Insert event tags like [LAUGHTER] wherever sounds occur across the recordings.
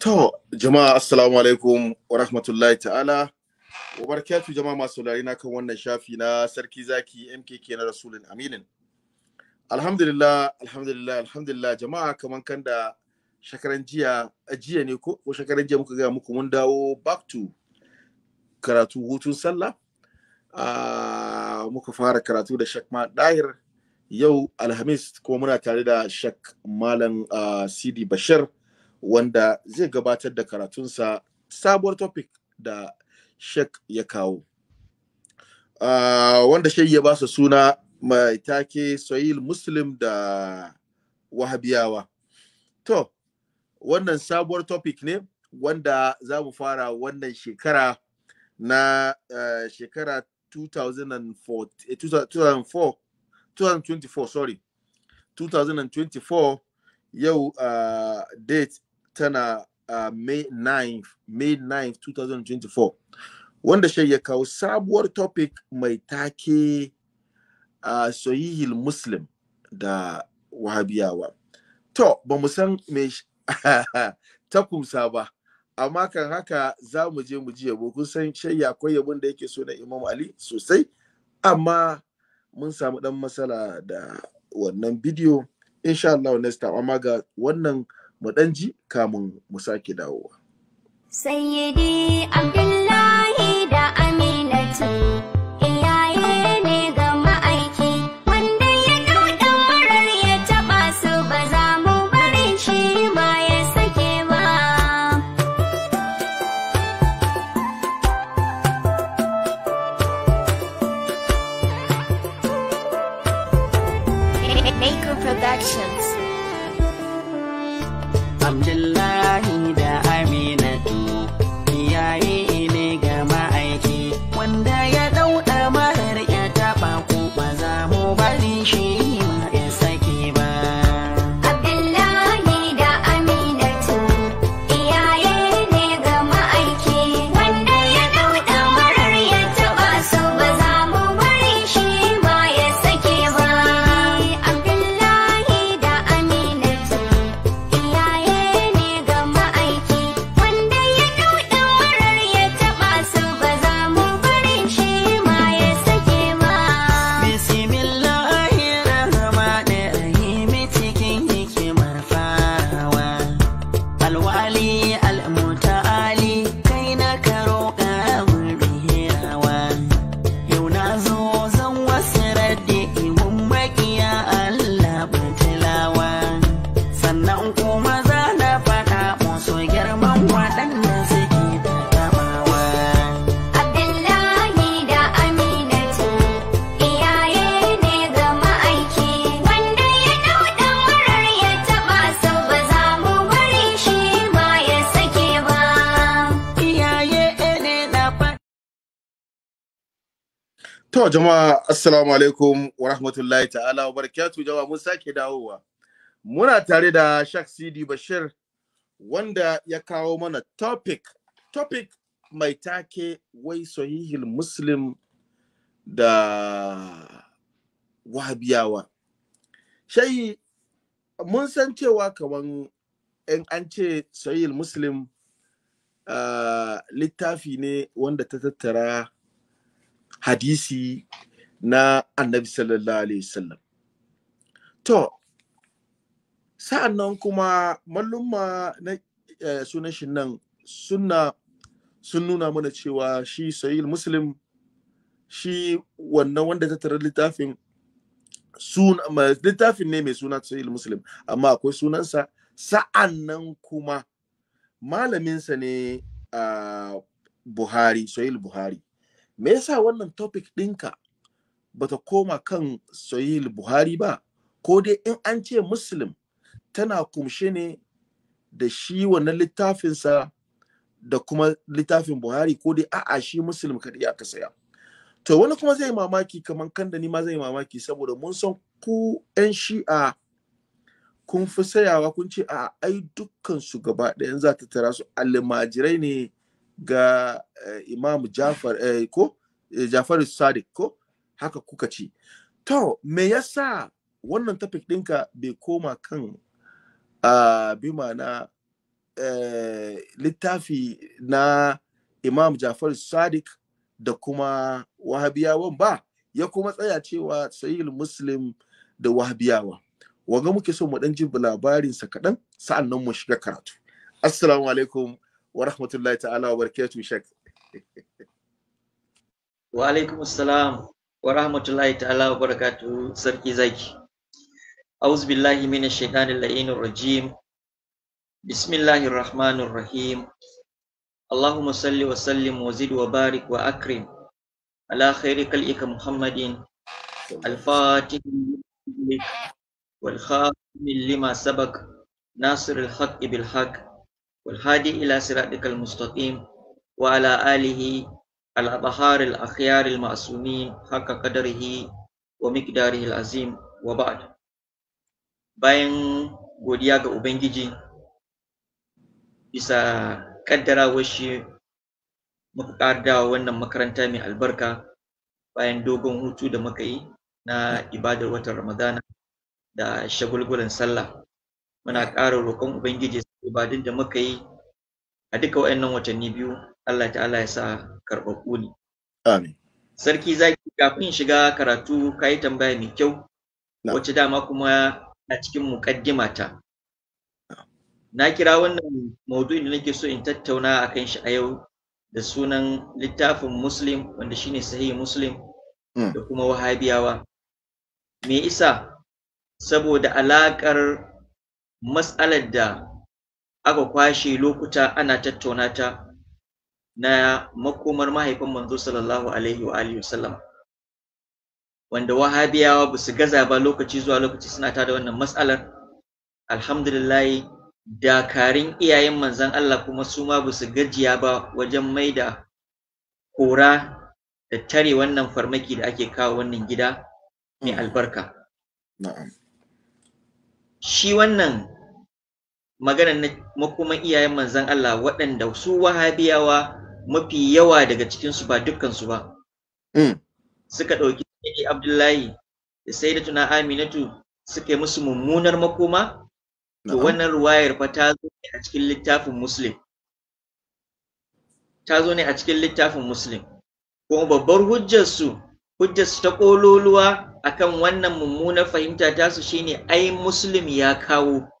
To, jama'a assalamu alaikum wa rahmatullahi ta'ala. Wa barakatu jama'a masu saurari na kan wannan shafi na sarki zaki MKK na Rasulun Aminin. Alhamdulillah, alhamdulillah, alhamdulillah jama'a kaman kan da shakaran jiya, jiya ne ko shakaran jiya muka gaya muku mun dawo back to karatu hutun sallah. Uh, muka fara karatu da Shak Ma Dahir yau Alhamis kuma muna tare da Shak Malam uh, Sidi Bashir. wanda zai gabatar da karatunsa sabuwar topic da shek ya kawo uh, wanda shek ya ba su suna mai take soyil muslim da wahabiyawa to wannan sabuwar topic ne wanda za mu fara wannan shekara na uh, shekara 2004, 2024 eh, sorry 2024 yau uh, date tana a May 9, May 9, 2024. Wanda shi ya kawo sabuwar topic mai take uh, soyihil Muslim da Wahabiyawa. To, ba mu san me [LAUGHS] ta kumsa ba, amma kan haka za mu je mu ji yabo, kun san shayya akwai yabon da yake so na Imam Ali sosai, amma mun samu ɗan matsala da wannan bidiyo. Insha Allah, next time, amma ga wannan. mu ɗan ji kamun mu sake dawowa. Sayyidi Abdullahi To jama'a assalamu alaikum wa rahmatullahi ta'ala wa barakatuhu jama'a mun sake dawowa. Muna tare da Shak Sidi Bashir wanda ya kawo mana topic topic mai take wai sahihil muslim da wahabiyawa. Shai mun san cewa kaman in an ce sahihil muslim uh, littafi ne wanda ta tattara hadisi na annabi sallallahu alaihi wasallam to sa'annan kuma mallumma na eh, sunan shi nan sunna sun nuna mana cewa shi sahih muslim shi wannan wanda ta tarar littafin littafin ne mai suna sahih muslim amma akwai sunansa sa'annan kuma malaminsa ne a ah, buhari sahih buhari me yasa wannan topic ɗinka ta koma kan sahih buhari ba ko dai in an ce muslim tana kumshe ne da shi wannan littafinsa da kuma littafin buhari ko dai a'a shi muslim kaɗai aka saya to wani kuma zai mamaki kamar kan da ni ma zai mamaki saboda mun san ku 'yan shi'a kun fi sayawa kun ce a ai dukkan su gaba ɗayan za ta tara su almajirai ne ga eh, Imam Jafar eh, ko eh, Jafar Sadiq ko haka kuka ce to me yasa wannan tafik ɗinka bai koma kan ah, bi uh, littafi na Imam Jafar Sadiq da kuma wahabiyawan ba ya kuma tsaya cewa sayil muslim da wahabiyawa wanga muke so mu dan ji labarinsa kaɗan sa'an nan mu shiga karatu assalamu alaikum warahmatullahi ta'ala wa barakatu shek [LAUGHS] wa ta'ala wa barakatu sarki zaki a'udhu billahi minash shaitanir la'inir rajim wa sallim wa wa barik wa akrim ala khairi khalqika muhammadin الفاتح والخاتم لما سبق ناصر الحق والهادي إلى صراطك المستقيم وعلى آله الأطهار الأخيار المعصومين حق قدره ومقداره العظيم وبعد bayan godiya ga Ubangiji bisa ƙaddarawar shi muka ƙarda wannan makaranta mai albarka bayan dogon hutu da muka yi na ibadar watan Ramadana da shagulgulan sallah muna ƙara roƙon Ubangiji ibadun da muka yi a duka wa'annan watanni biyu Allah ta'ala ya sa karɓaɓɓu ne amin sarki zaki kafin shiga karatu ka yi tambaya mai kyau wacce dama kuma a cikin muƙaddima ta na kira wannan maudu'in da nake so in tattauna akan shi a yau da sunan littafin muslim wanda shine sahihi muslim hmm. da kuma wahabiyawa me isa saboda alaƙar matsalar da aka kwashe lokuta ana tattauna ta na makomar mahaifin manzo sallallahu alaihi wa alihi wasallam wanda wahabiyawa ba su gaza ba lokaci zuwa lokaci suna ta da wannan matsalar alhamdulillah dakarin iyayen manzan Allah kuma su ma ba su gajiya ba wajen mai da kora da tare wannan farmaki da ake kawo wannan gida mai mm. albarka. Na'am. Shi wannan maganar na makoman iyayen manzan Allah waɗanda su wahabiyawa mafi yawa daga cikinsu ba dukkansu ba. Mm. Suka ɗauki sai Abdullahi da sai da tuna Aminatu suka yi musu mummunar makoma, to wannan ruwayar fa ta zo ne a cikin littafin Muslim. Ta zo ne a cikin littafin Muslim. Kuma babbar hujjarsu, hujjarsu ta ƙololuwa akan wannan mummunar fahimta tasu shine ai Muslim ya kawo.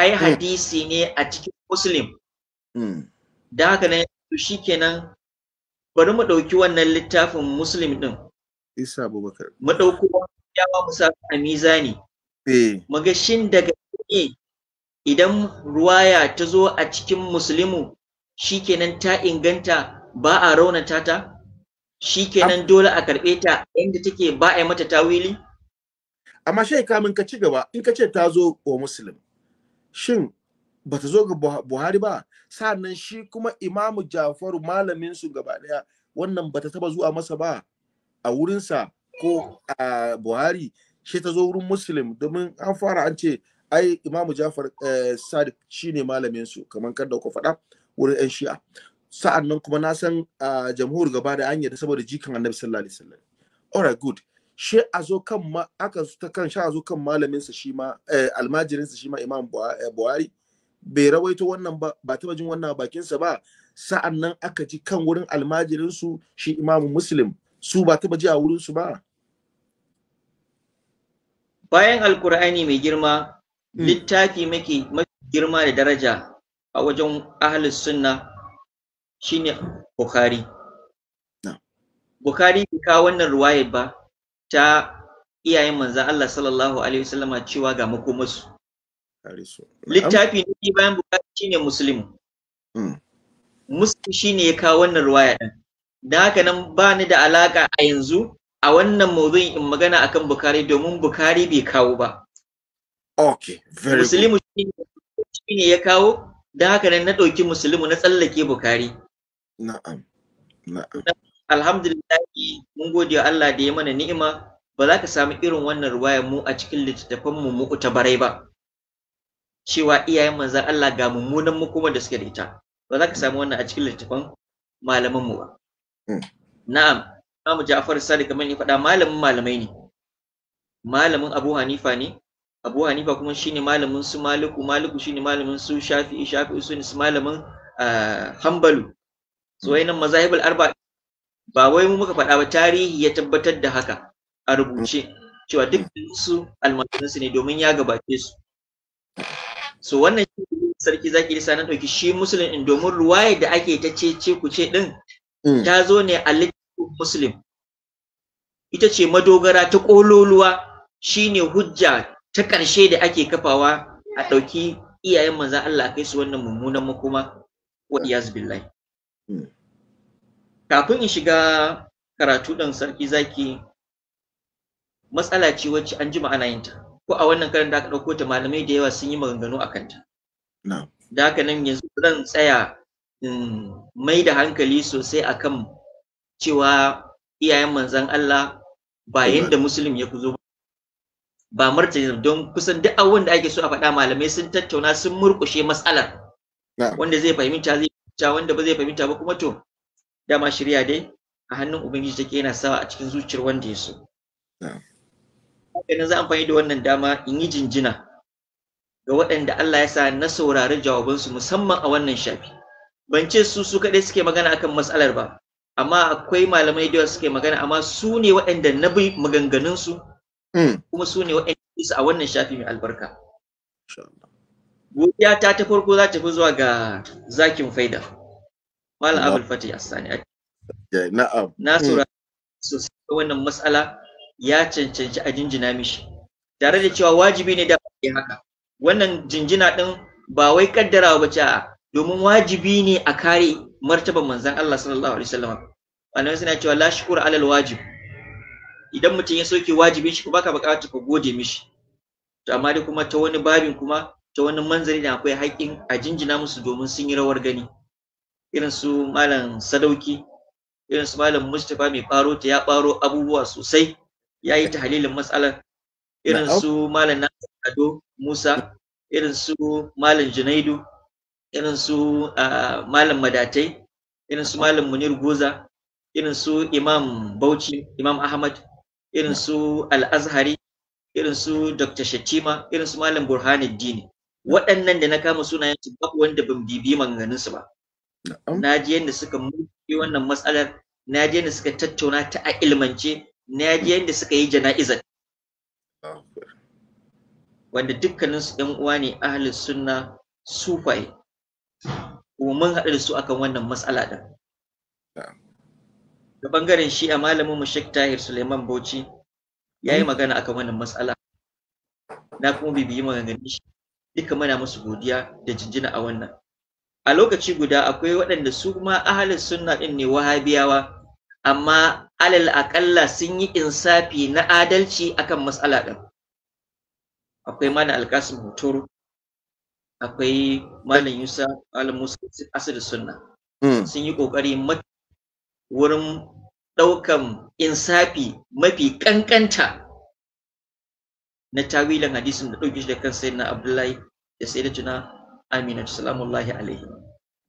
ai hmm. hadisi ne a cikin muslim hmm. da haka ne to kenan bari mu ɗauki wannan littafin muslim ɗin isa abubakar mu ɗauko yawa mu sa a mizani eh. mu shin daga ne idan ruwaya ta zo a cikin muslimu kenan ta inganta ba a raunata ta shikenan dole a karɓe ta inda take ba a mata tawili amma shai kamin ka ci gaba in ka ce ta zo wa muslim shin ba ta zo ga Buhari ba sa'annan shi kuma Imamu Jafaru malamin su gaba daya wannan ba ta taba zuwa masa ba a wurinsa ko a Buhari shi ta zo wurin Muslim domin an fara an ce ai Imamu Jafar eh, Sadiq shine malamin su kamar kada ku faɗa wurin 'yan Shi'a sa'annan kuma na san ah, jamhur gaba da an yarda saboda jikan Annabi sallallahu alaihi wasallam all good shi a zo kan ma aka ta kan sha zo kan malamin sa shi ma eh, almajirin sa shi ma Imam eh, Buhari bai rawaito wannan ba ba taba jin wannan bakin sa ba sa'an nan aka ji kan wurin almajirin su shi Imam Muslim su ba taba ji a wurin su ba bayan alqur'ani mai girma hmm. littafi mai girma da daraja a wajen ahlus sunna shine bukhari bukhari bai kawo wannan ruwayar ba ta iyayen manzan Allah sallallahu alaihi wasallama cewa ga makomarsu littafi ne bayan bukari shine Musulmi hmm. shi shine ya kawo wannan ruwaya ɗin. da haka nan ba ni da alaƙa a yanzu a wannan mawdu'in in magana akan bukari domin bukari bai kawo ba okay very muslim shine ya kawo da haka nan na ɗauki Musulmi na tsallake bukari na'am na'am alhamdulillah mun gode wa Allah da ya mana ni'ima ba za ka samu irin wannan ruwaya mu a cikin littattafan mu barai ba cewa iyayen manzan Allah ga mummunan mu kuma da suke da ita ba za ka samu wannan a cikin littattafan malaman mu ba hmm. na'am Imam Ja'far Sadiq kamar ni faɗa malamin malamai ne malamin Abu Hanifa ne Abu Hanifa kuma shine malamin su Maliku Maliku shine malamin su Shafi'i Shafi'i su malamin ah, Hanbalu so wayannan mazahibul arba'a ba wai mu muka faɗa ba tarihi ya tabbatar da haka a rubuce cewa duk su almajiransu ne domin ya gabace su so wannan sarki zaki lisa na ɗauki shi musulun in domin ruwaye da ake ta ce ce ku ce ɗin mm. ta zo ne a littafin musulun ita ce madogara ta ƙololuwa shine hujja ta ƙarshe da ake kafawa a ɗauki iyayen manzan Allah kai su wannan mummunan makoma wa iyaz billahi mm. kafin in shiga karatu dan sarki zaki matsala ce wacce an ji ana yinta ko a wannan karin da aka ɗauko ta malamai da yawa sun yi maganganu a kanta da haka nan yanzu zan tsaya in mai da hankali sosai akan cewa iyayen manzan Allah ba yadda musulun ya kuzo ba martani don kusan duk da ake so a faɗa malamai sun tattauna sun murƙushe matsalar wanda zai fahimta zai fahimta wanda ba zai fahimta ba kuma to dama shirya dai a hannun ubangiji take yana sawa a cikin zuciyar wanda ya so haka za amfani da wannan dama in yi jinjina ga waɗanda Allah ya sa na saurari jawabansu musamman a wannan shafi ban ce su su kaɗai suke magana akan matsalar ba amma akwai malamai da suke magana amma su ne waɗanda na bi maganganunsu hmm. kuma su ne waɗanda su a wannan shafi mai albarka godiya ta ta farko za ta fi zuwa ga zakin faida Mala Abul Fatih Asani. Na'am. Na hmm. saurari sosai wannan matsala ya cancanci a jinjina mishi. Tare da cewa wajibi ne da ya haka. Wannan jinjina din ba wai kaddara ba ce domin wajibi ne a kare martaban manzan Allah sallallahu alaihi wasallam. Wannan suna cewa la shukura alal wajib. Idan mutum ya soke wajibin shi baka buƙatar ka gode mishi. To amma dai kuma ta wani babin kuma ta wani manzari da akwai haƙƙin a jinjina musu domin sun yi rawar gani. irin su malam sadauki irin su malam mustapha mai faro ta ya faro abubuwa sosai ya yi ta halilin matsalar irin su malam ado musa irin su malam junaidu irin su malam madatai irin su malam munir goza irin su imam bauchi imam ahmad irin su al-azhari irin su dr shatima irin su malam burhanuddin waɗannan da na kama sunayen su babu wanda ban bibi maganganun su ba na ji yadda suka yi wannan matsalar na ji yadda suka tattauna ta a ilmance na ji yadda suka yi jana'izar wanda dukkanin su uwa ne ahli sunna sufaye kuma mun haɗu da su akan wannan matsala ɗin da ɓangaren shi a malamin mashek tahir suleiman bauchi ya yi hmm. magana akan wannan matsala na kuma bibiyi maganganun shi duka muna musu godiya da jinjina a wannan a lokaci guda akwai waɗanda su ma ahalin sunna ɗin ne wahabiyawa amma alal aƙalla sun yi insafi na adalci akan matsala ɗin akwai mana alkasim hotoro akwai malam yusa malam musa asir sunna hmm. sun yi ƙoƙari wurin ɗaukan insafi mafi ƙanƙanta na tawilan hadisin da ɗauki shi da kan na abdullahi da da tuna amina salamullahi alaihi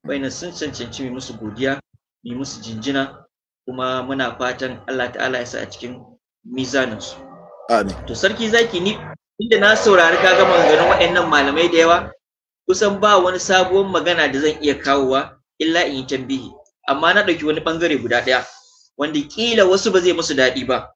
Baina sun cancanci mu musu godiya mu musu jinjina kuma muna fatan Allah ta'ala ya sa a cikin mizaninsu. su amin to sarki zaki ni inda na saurari ka gama ganin waɗannan malamai da yawa kusan ba wani sabuwar magana da zan iya kawowa illa in yi tambihi amma na ɗauki wani ɓangare guda ɗaya wanda ƙila wasu ba zai musu daɗi ba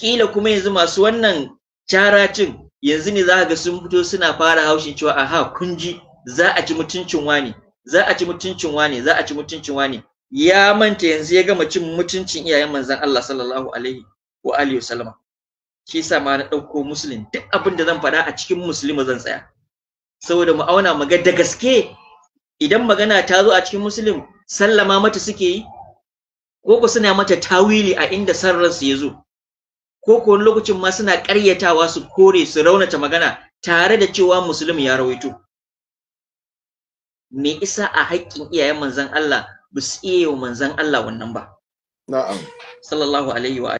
ƙila kuma yanzu masu wannan caracin yanzu ne za ga sun fito suna fara haushin cewa aha kun ji za a ci mutuncin wani za a ci mutuncin wani za a ci mutuncin wani ya manta yanzu ya gama cin mutuncin iyayen manzon Allah sallallahu alaihi wa alihi wasallama shi yasa ma na dauko muslim duk abin da zan faɗa a cikin muslimu zan tsaya saboda mu auna mu ga da gaske idan magana ta zo a cikin muslim sallama mata suke yi ko ko suna mata tawili a inda sarran su zo ko ko lokacin ma suna ƙaryatawa su kore su raunata magana tare da cewa muslim ya rawaito me isa a haƙƙin iyayen manzan Allah ba su iya wa manzan Allah wannan ba na'am sallallahu alaihi wa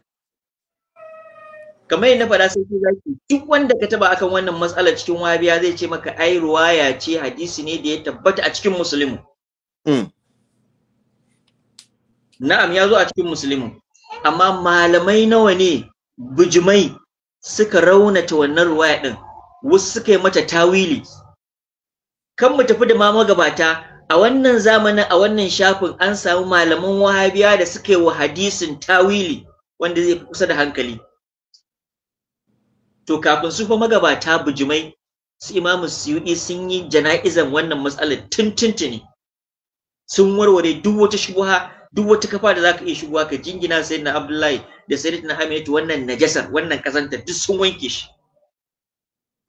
kamar yadda faɗa sai ki zaki duk wanda ka taba akan wannan matsalar cikin wabiya zai ce maka ai ruwaya ce hadisi ne da ya tabbata a cikin musulmi hmm. na'am ya zo a cikin musulmi amma malamai nawa ne bijimai suka raunata wannan ruwaya din wasu suka yi mata tawili kan mu tafi da ma magabata a wannan zamanin a wannan shafin an samu malaman wahabiya da suka wa hadisin tawili wanda zai kusa da hankali to kafin su fa magabata bujumai, su imamu suyudi sun yi jana'izan wannan matsalar tuntuntuni sun warware duk wata shubuha duk wata kafa da zaka iya shigowa ka jingina sayyidina abdullahi da sayyidina hamidu wannan najasar wannan kazanta duk sun wanke shi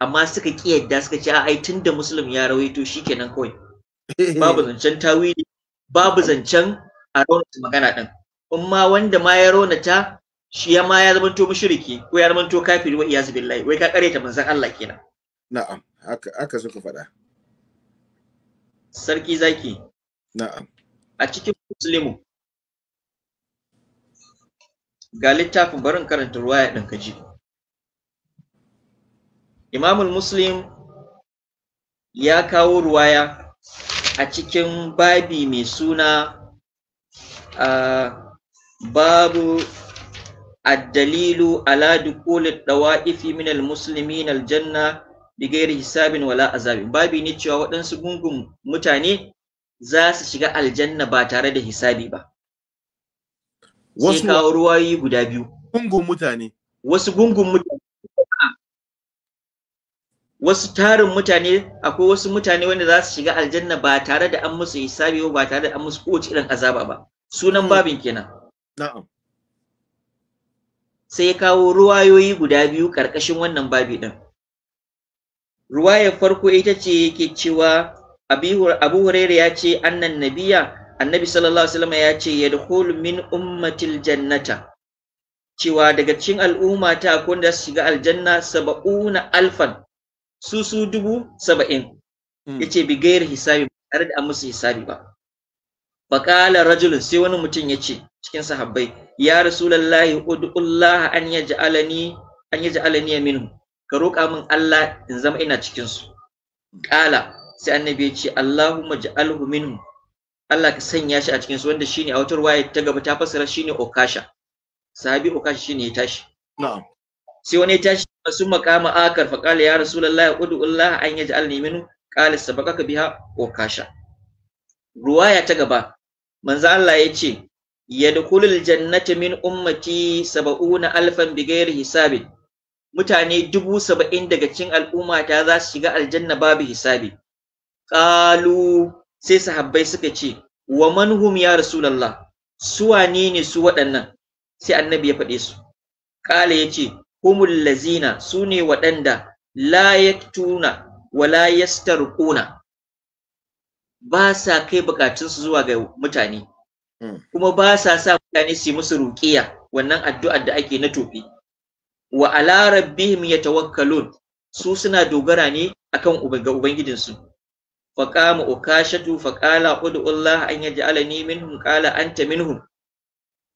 amma suka ki yadda suka ce ai tun da ya rawaito shikenan kawai [LAUGHS] babu zancen tawili babu zancen a raunata magana din Amma ma wanda ma ya raunata shi ya ma ya zamanto mushriki ko ya zamanto kafiri wa iyaz billahi wai ka kareta manzon Allah kenan na'am haka haka suka faɗa sarki zaki na'am a cikin muslimu ga littafin barin karanta ruwaya ɗin ka ji imamul muslim ya kawo ruwaya a cikin babi mai suna babu addalilu ala dukulin dawa'ifi min na aljanna bigayar hisabin wala azabin babi ne cewa waɗansu gungun mutane za su shiga aljanna ba tare da hisabi ba sai kawo ruwayi guda biyu gungun mutane wasu gungun mutane wasu tarin mutane akwai wasu mutane wanda za su shiga aljanna ba tare da an musu hisabi ba tare da an musu kowace irin azaba ba sunan mm. babin kenan na'am sai ya kawo ruwayoyi guda biyu karkashin wannan babi din ruwayar farko ita ce yake cewa abu huraira ya ce annan nabiya annabi sallallahu alaihi wasallam ya ce yadkhulu min ummatil jannata cewa daga cikin al'umma ta akwai wanda za su shiga aljanna saba'una alfan su su dubu saba'in hmm. ya ce bi hisabi ba tare da an musu hisabi ba bakala rajulun sai wani mutum ya ce cikin sahabbai ya rasulallahi udullaha an ya ja'alani an ya ja'alani ya minhu ka roƙa min Allah in zama ina cikinsu. ƙala sai annabi ya ce Allahumma ja'alhu minhu Allah ka sanya shi a cikin su wanda shine a wata ruwaya ta gaba ta fassara shine okasha sahabi okasha shine ya tashi sai wani ya tashi sun makama akar fa kala ya rasulullahi Allah! an yaj'alni minhu qala sabaqaka biha wa kasha ruwaya ta gaba manzo Allah ya ce yadkhulul jannata min ummati na alfan bighairi hisabi mutane dubu saba'in daga cikin al'umma ta za su shiga aljanna babu hisabi qalu sai sahabbai suka ce wa man hum ya rasulullah su wanene ne su waɗannan sai annabi ya faɗe su qala yace humul lazina su ne waɗanda la tuna wa la yastarquna ba sa kai bukatunsu zuwa ga mutane hmm. kuma ba sa sa mutane su yi musu ruƙiya wannan addu'ar da ake na tofi wa ala rabbihim yatawakkalun su suna dogara ne akan ga ubangijinsu faqama ukashatu faqala ud'u Allah an yaj'alani minhum qala anta minhum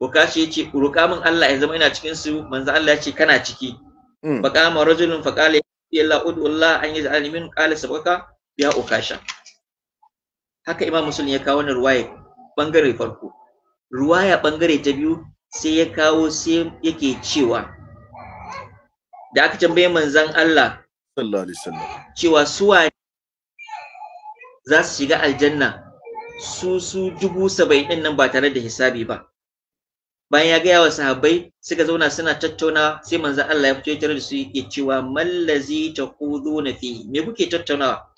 Ukashi ya ce roƙa min Allah ya zama ina cikin su manzo Allah ya ce kana ciki mm. fa qama rajulun fa qala ya Allah ud'u Allah an yaj'al min qala sabaka ya ukasha haka Imam Muslim ya kawo wannan ruwaya bangare farko ruwaya bangare ta biyu sai ya kawo sai yake cewa da aka tambaye manzon Allah sallallahu alaihi wasallam cewa suwa za su shiga aljanna su su dubu saba'in nan ba tare da hisabi ba bayan ya gaya wa sahabbai suka zauna suna tattauna sai manzo Allah ya fito tare da su yake cewa mallazi na fi me kuke tattaunawa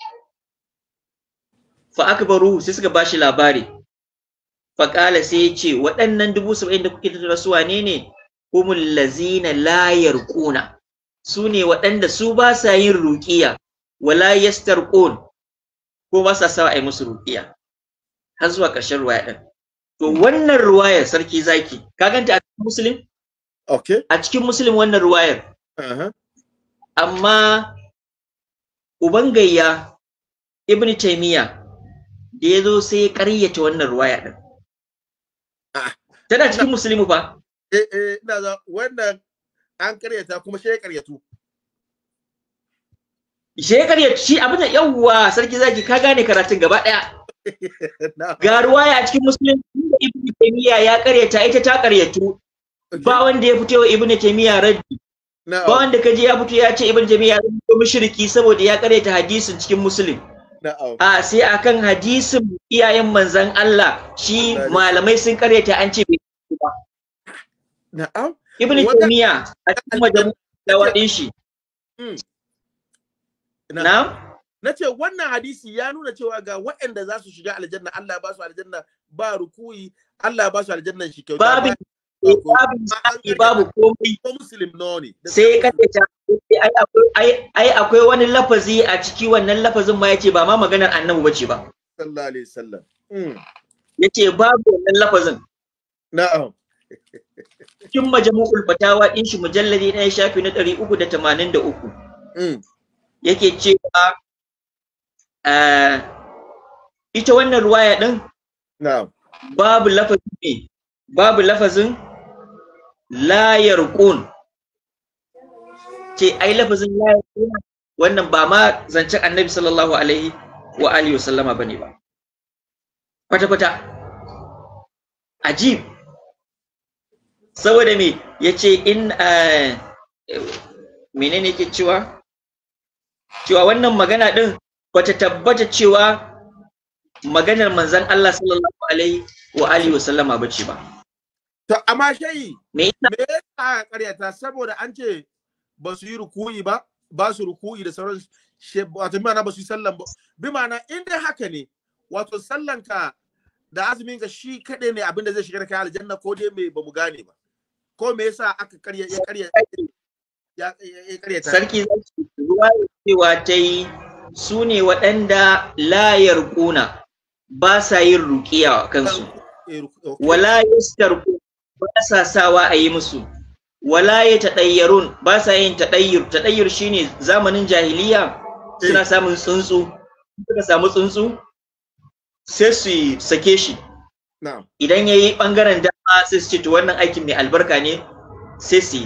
fa akbaru sai suka bashi labari fa kala sai ya ce waɗannan dubu saba'in da kuke tattauna su wane ne humul lazina la yarquna su ne waɗanda su ba sa yin ruqiya wala yastarqun ko ba sa sa ai musu ruqiya har zuwa ƙarshen ruwaya din To wannan ruwayar sarki zaki, ka ganta a cikin Muslim? Okay. A cikin Muslim wannan ruwayar. Uh -huh. Amma uban gayya Ibn Taymiyyah da ya zo sai ya ƙaryata wannan ruwaya din. Ah. Tana cikin Muslimu fa? Eh eh ina za wannan an ƙaryata kuma sai ya ƙaryatu. Sai ya ci abin da yawwa sarki zaki ka gane karatun gaba daya [LAUGHS] ga ruwaya a cikin musulun ibn taymiya ya karyata ita ta karyatu ba wanda ya fito ibn taymiya raddi ba wanda kaji ya fito ya ce ibn taymiya ya zama mushriki saboda ya karyata hadisin cikin muslim a sai akan hadisin iyayen manzan Allah shi malamai sun karyata an ce bai ba na'am ibn taymiya a cikin majalisar din shi hmm. na'am na ce wannan hadisi ya nuna cewa ga waɗanda za su shiga aljanna Allah ba su aljanna ba rukuyi Allah ba su aljanna shi kyauta babu babu babu komai ko muslim no ne sai ka ce ai akwai ai akwai wani lafazi a ciki wannan lafazin ma yace ba ma maganar annabi bace ba sallallahu alaihi wasallam hmm. yace babu wannan lafazin na'am cikin majmu'ul fatawa din shi mujalladi na shafi na 383 mm. yake cewa eh, ita wannan ruwaya din babu lafazin me babu lafazin layar kun ke ai lafazin layar kun wannan ba ma zancen annabi sallallahu alaihi wa alihi wa sallama bane ba kwata kwata ajib saboda me yace in eh, menene ke cewa cewa wannan magana din bata tabbata cewa maganar manzan Allah sallallahu alaihi wa alihi wa sallama bace ba to amma shehi me yasa aka karyata saboda an ce ba su yi ruku'i ba ba su ruku'i da sauran wato ma'ana ba su yi sallan ba bi ma'ana in dai haka ne wato sallan ka da azumin ka shi kaɗai ne abinda zai shiga da kai aljanna ko dai me ba mu gane ba ko me yasa aka karya ya karya ya karya ta sarki ruwa cewa tai su ne waɗanda layar kuna ba sa yin a kansu eh, wala ya yastarqu ba sa sawa a yi musu wala ya taɗayyarun ba sa yin taɗayyar? Taɗayyar shi ne zamanin jahiliya suna eh. samun tsuntsu suka samu tsuntsu sai su sake shi idan ya yi ɓangaren dama sai su ce to wannan aikin mai albarka ne sai su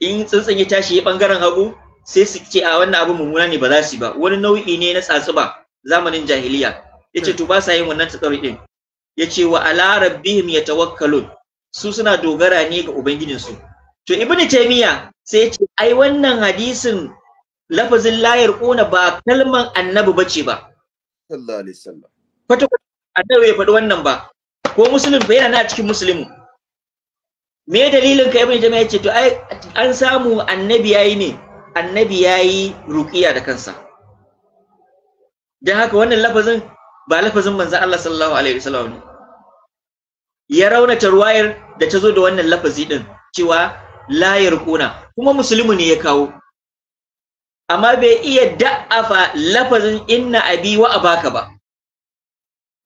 in tsuntsun ya tashi ya ɓangaren hagu sai su ce a wannan abu mummuna ne ba za su ba wani nau'i ne na tsatsuba zamanin jahiliya yace to ba sa yin wannan tsakari din yace wa ala rabbihim yatawakkalun su suna dogara ne ga ubangijin su to ibnu taymiya sai yace ai wannan hadisin lafazin layar kona ba kalman annabi bace ba sallallahu alaihi wasallam kwata annabi ya faɗi wannan ba ko musulun fa yana na cikin muslimu me dalilin ka ibnu taymiya yace to ai an samu annabi yayi ne annabi yayi ruqiya da kansa dan haka wannan lafazin ba lafazin manzan Allah sallallahu alaihi wasallam ne ya raunata ruwayar da ta zo da wannan lafazi din cewa la kuma musulmi ne ya kawo amma bai iya da'afa lafazin inna abi wa abaka ba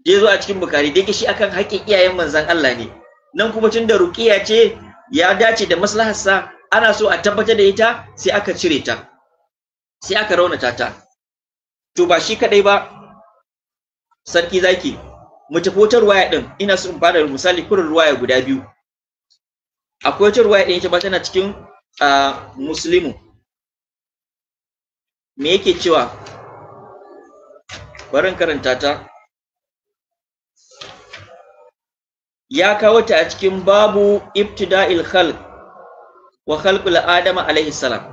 je zo a cikin bukari dai shi akan haƙƙin iyayen manzan Allah ne nan kuma tun da ruqiya ce ya dace da maslahar sa ana so a tabbatar da ita sai aka cire ta sai aka raunata ta to ba shi kadai ba sarki zaki mu tafi wata ruwaya din ina son in bada misali kurin ruwaya guda biyu akwai wata ruwaya din yake ba tana cikin muslimu me yake cewa barin karanta ta ya kawo ta a cikin babu ibtida'il khalq wa khalqul adama alaihi salam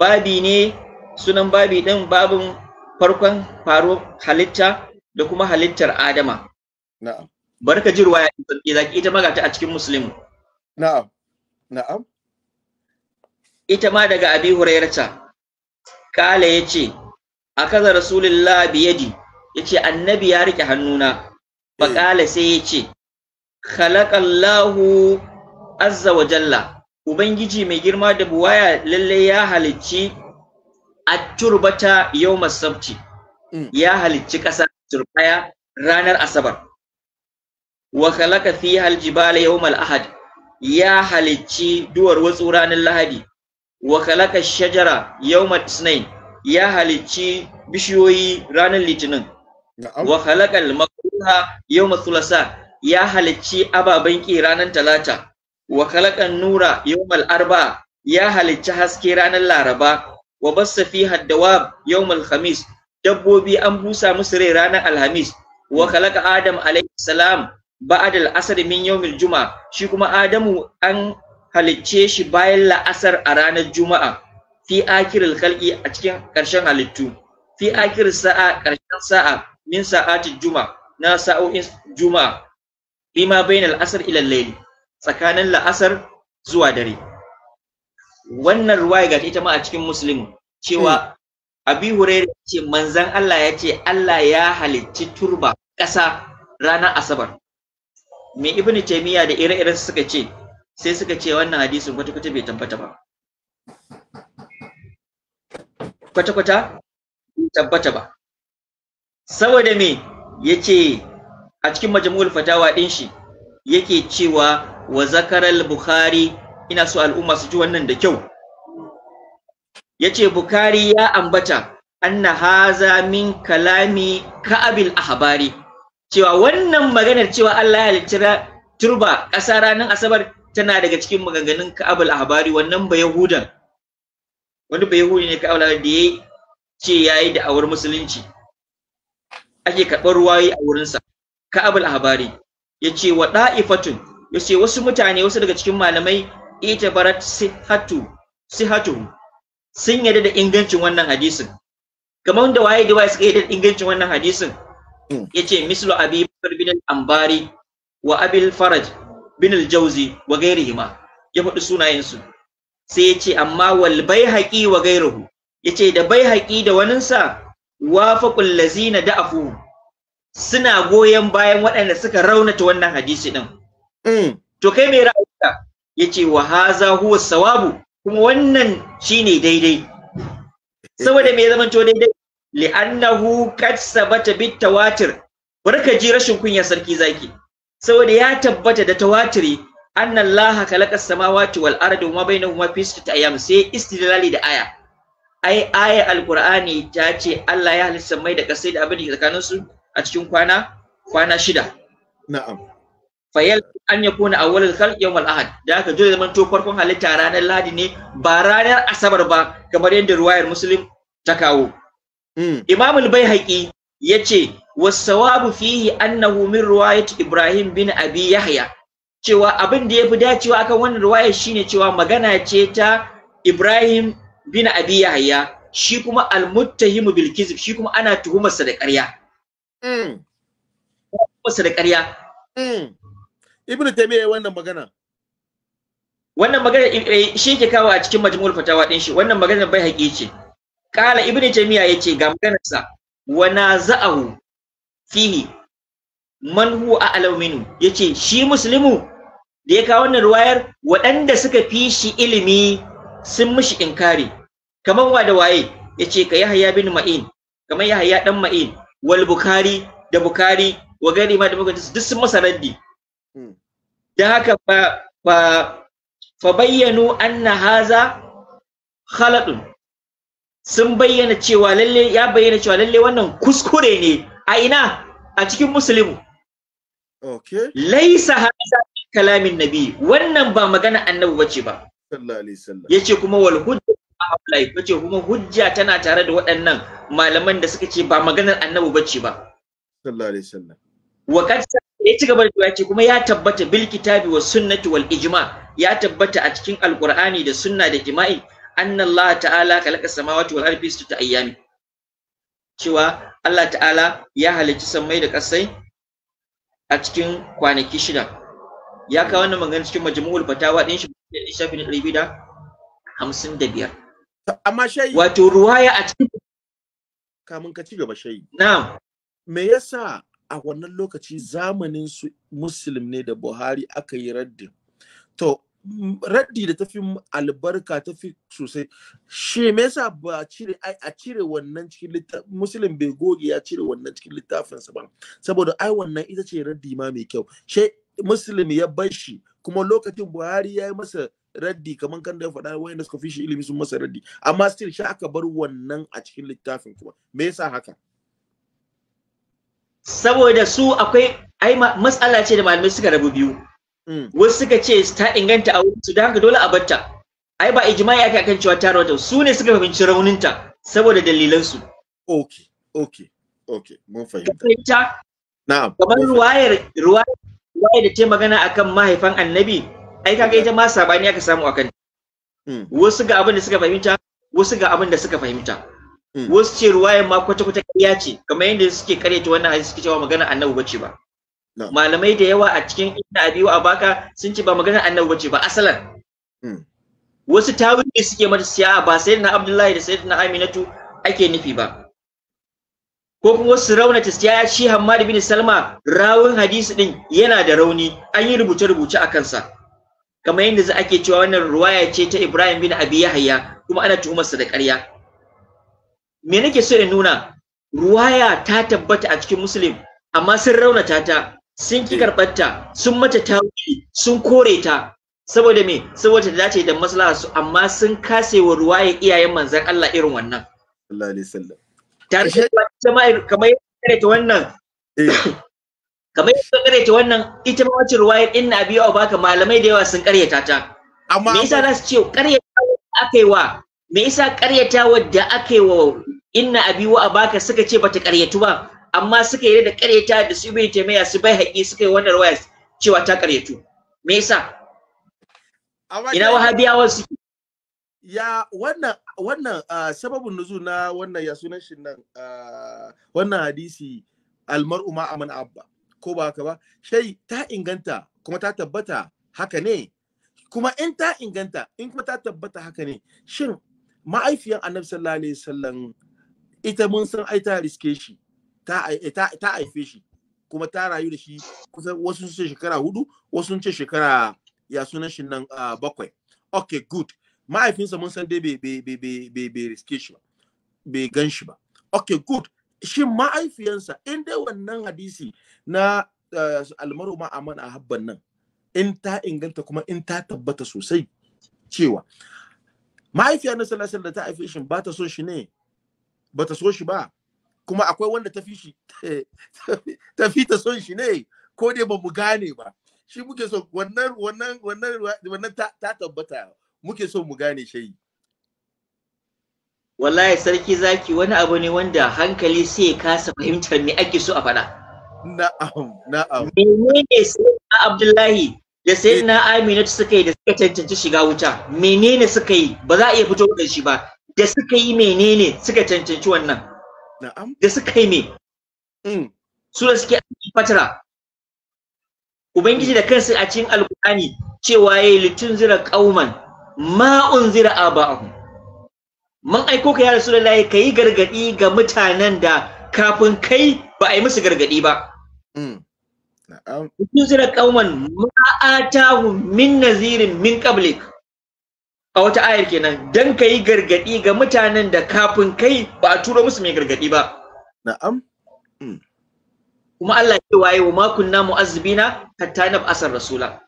babi ne sunan babi din babin farkon faro halitta da kuma halittar Adama. Na'am. Barka ji ruwaya zaki ita ma gata a cikin Muslim. Ita ma daga Abi Hurairata. Kala yace akaza Rasulullah biyadi yace annabi ya rike hannuna. Fa eh. kala sai yace khalaqallahu azza wa jalla Ubangiji mai girma da buwaya lalle ya halicci a turbata yau masabci, mm. ya halicci ƙasa turbaya ranar asabar wa khalaqa fiha aljibala yawm alahad ya halicci duwar watsu ranar lahadi wa khalaqa shajara yawm itsnain ya halicci bishiyoyi ranar litinin wa khalaqa almakruha yawm ya halicci ababen ki ranar talata wa khalaqa nura yawm alarba ya halicci haske ranar laraba wa bassa fiha dawab yawm alkhamis dabbobi an busa musu rai ranar alhamis wa khalaqa adam alaihi salam ba'da al-asr min al juma'a shi kuma adamu an halicce shi bayan la'asar a ranar juma'a fi al khalqi a cikin ƙarshen halittu fi akhir sa'a ƙarshen sa'a min sa'ati juma na sa'o'in juma lima al asr ila layl tsakanin la'asar zuwa dare wannan ruwaya ga ita ma a cikin muslim cewa hmm. abi ya ce manzan Allah ya ce Allah ya halicci turba ƙasa ranar asabar me Ibn taymiya da ire-iren suka ce sai suka ce wannan hadisin kwata-kwata bai tabbata ba kwata-kwata tabbata ba saboda me ya ce a cikin majmu'ul fatawa din shi yake cewa wa zakaral bukhari ina so al'umma su ji wannan da kyau yace bukari ya ambata anna haza min kalami ka'abil ahbari cewa wannan maganar cewa Allah ya halitta turba ƙasa ranar asabar tana daga cikin maganganun ka'abul ahbari wannan ba yahudan wani ba yahudi ne ka'abul ahbari da ya ce ya yi da'awar musulunci ake karɓar ruwayi a wurinsa ka'abul ahbari ya ce wa ɗa'ifatun ya ce wasu mutane wasu daga cikin malamai ita barat sihatu sihatu sun yarda da ingancin wannan hadisin kamar da waye da waye suka yarda da ingancin wannan hadisin hmm. yace mislu abi bakr bin al-ambari wa abil faraj bin al-jawzi wa ghairihima ya faɗi sunayen su sai yace amma wal baihaqi wa ghairuhu yace da baihaqi da sa wafaqul lazina da'afu suna goyon bayan waɗanda suka raunata wannan hadisi din hmm. to kai me ra'ayinka yace wa haza huwa sawabu kuma wannan shi ne daidai saboda me zaman to daidai li'annahu ba ta bi tawatir barka ji rashin kunya sarki zaki saboda ya tabbata da tawatiri anna allaha khalaqa samawati wal ardi wa bainahuma fi sittati ayyam sai istilali da aya ai aya alqur'ani ta ce Allah ya halitta mai da kasai da abin da tsakaninsu a cikin kwana kwana shida na'am fayal an ya kuna awwalul khalq yau ahad da aka dole zaman to farkon halitta ranar lahadi ne ba ranar asabar ba kamar yadda ruwayar musulun ta kawo hmm. imam al-baihaqi ce was-sawabu fihi annahu min riwayat ibrahim bin abi yahya cewa abin da ya fi dacewa akan wannan riwaya shine cewa magana ce ta ibrahim bin abi yahya shi kuma al bil shi kuma ana tuhumarsa da ƙarya hmm. hmm. ibnu taymiya wannan magana wannan magana eh, shi ke kawo a cikin majmu'ul fatawa din shi wannan magana bai haƙi ce kala ibnu taymiya yace ga maganarsa wa naza'ahu fihi man huwa a'lamu minhu yace shi muslimu da ya kawo wannan ruwayar waɗanda suka fi shi ilimi sun mishi inkari kamar wa da waye yace ka yahya bin ma'in kamar yahya dan ma'in wal bukhari da bukhari wa gari ma da bukhari duk sun masa raddi Hmm. da haka fa fa anna haza khaladun sun bayyana cewa lalle ya bayyana cewa lalle wannan kuskure ne a ina a cikin musulmi okay laisa haza kalamin nabi wannan ba magana annabi bace ba sallallahu alaihi yace kuma wal hujja yace kuma hujja tana tare da waɗannan malaman da suka ce ba maganar annabi bace ba sallallahu alaihi wasallam wa ya ci gaba da cewa ce kuma ya tabbata bil kitabi was sunnati wal ijma ya tabbata a cikin alqur'ani da sunna da jima'i anna Allah ta'ala khalaqa samawati wal ardi sittata ayyami cewa Allah ta'ala ya halicci sammai da kasai a cikin kwanaki shida ya kawo wannan magana cikin majmu'ul fatawa din shi shafin 55 amma shayi wato ruwaya a cikin kamun ka ci gaba shayi na'am me yasa a wannan lokaci zamanin su musulmi ne da buhari aka yi raddi to raddi da tafi albarka tafi sosai shi me yasa ba cire ai a cire wannan cikin littafin bai goge ya cire wannan cikin littafinsa ba saboda ai wannan ita ce raddi ma mai kyau she muslim ya bar shi kuma lokacin buhari ya yi masa raddi kamar kan da ya faɗa wayanda suka fi shi ilimi sun masa raddi amma still shi aka bar wannan a cikin littafin kuma me yasa haka saboda su akwai ai matsala ce da malamai suka rabu biyu hmm. wasu suka ce ta inganta a wurin su da haka dole a batta ai ba ijma'i aka kan cewa ta rawata su ne suka fahimci rauninta saboda dalilansu okay okay okay mun fahimta na'am kamar ruwayar ruwayar da ta magana akan mahaifan annabi ai kaga ita ma sabani aka samu akan hmm. wasu ga abin da suka fahimta wasu ga abin da suka fahimta Mm. wasu ce ruwaya ma kwata kwata ƙarya ce kamar yadda suke ta wannan hadisi suke cewa magana annabi bace ba malamai da yawa a cikin inda abiyu a baka sun ce ba magana annabi bace ba asalan mm. wasu tawili suke mata siya ba sai na abdullahi da sai na aminatu ake nufi ba ko kuma wasu ta siya shi hammad bin salma rawun hadisi din yana da rauni an yi rubuce rubuce a kansa kamar yadda ake cewa wannan ruwaya ce ta ibrahim bin abi Yahaya, kuma ana tuhumarsa da karya. me nake so in nuna ruwaya ta tabbata a cikin muslim amma sun raunata ta sun ki eh. karɓarta sun mata tawili sun kore ta saboda me saboda ta dace da maslaha su amma sun kase wa ruwaya iyayen manzon Allah irin wannan Allah alaihi sallam ta kamar yadda ta wannan eh. [COUGHS] kamar yadda karyata wannan ita ma wacce ruwayar inna abi wa baka malamai da yawa sun karyata ta amma me yasa za su ce karyata aka yi wa me yasa ƙaryata wadda aka yi wa inna abi wa abaka suka ce bata ƙaryatu ba amma suka yi da ƙaryata da su bai taimaya su bai haƙi suka yi wannan waya cewa ta ƙaryatu me yasa ina wahabiyawa su ya wannan wannan uh, sababin nuzu na wannan ya sunan shi nan uh, wannan hadisi almar'u ma aman abba ko ba haka ba shai ta inganta kuma ta tabbata haka ne kuma in ta inganta in kuma ta tabbata haka ne shin ma'aifiyan annabi sallallahu alaihi wasallam ita mun san ai ta riske shi ta ta haife shi kuma ta rayu da shi kusan wasu sun ce shekara hudu wasu sun ce shekara ya sunan shi nan ah, bakwai okay good mahaifinsa mun san dai bai riske shi ba bai gan shi ba okay good shin ma'aifiyansa in dai wannan hadisi na eh, almaru ma'aman a habban nan in ta inganta kuma in ta tabbata sosai cewa mahaifiyar na sallallahu da ta haifi shi ba ta so shi ne ba ta so shi ba kuma akwai wanda ta fi shi [LAUGHS] ta fi ta son shi ne ko dai ba mu gane ba shi muke so wannan wannan wannan wannan ta tabbata muke so mu gane shayi wallahi sarki zaki wani abu ne wanda hankali sai ya kasa fahimtar me ake so a faɗa na'am na'am menene sai Abdullahi da sai na aminatu suka yi da suka cancanci shiga wuta menene suka yi ba za a iya fito da shi ba da suka yi menene suka cancanci wannan da suka yi me mm. su da suke aiki fatara ubangiji da kansa a cikin alkurani cewa ya yi litun zira qauman ma unzira aba'ahum mun aiko ka ya rasulullahi kai gargadi ga mutanen da kafin kai ba a yi musu gargadi ba mm. Tunzira kauman ma'atahum min nazirin min qablik. A wata ayar kenan dan kai gargadi ga mutanen da kafin kai ba a turo musu mai gargadi ba. Na'am. Hmm. Kuma Allah ya waye wa ma kunna mu'azzibina hatta nab'asar rasula.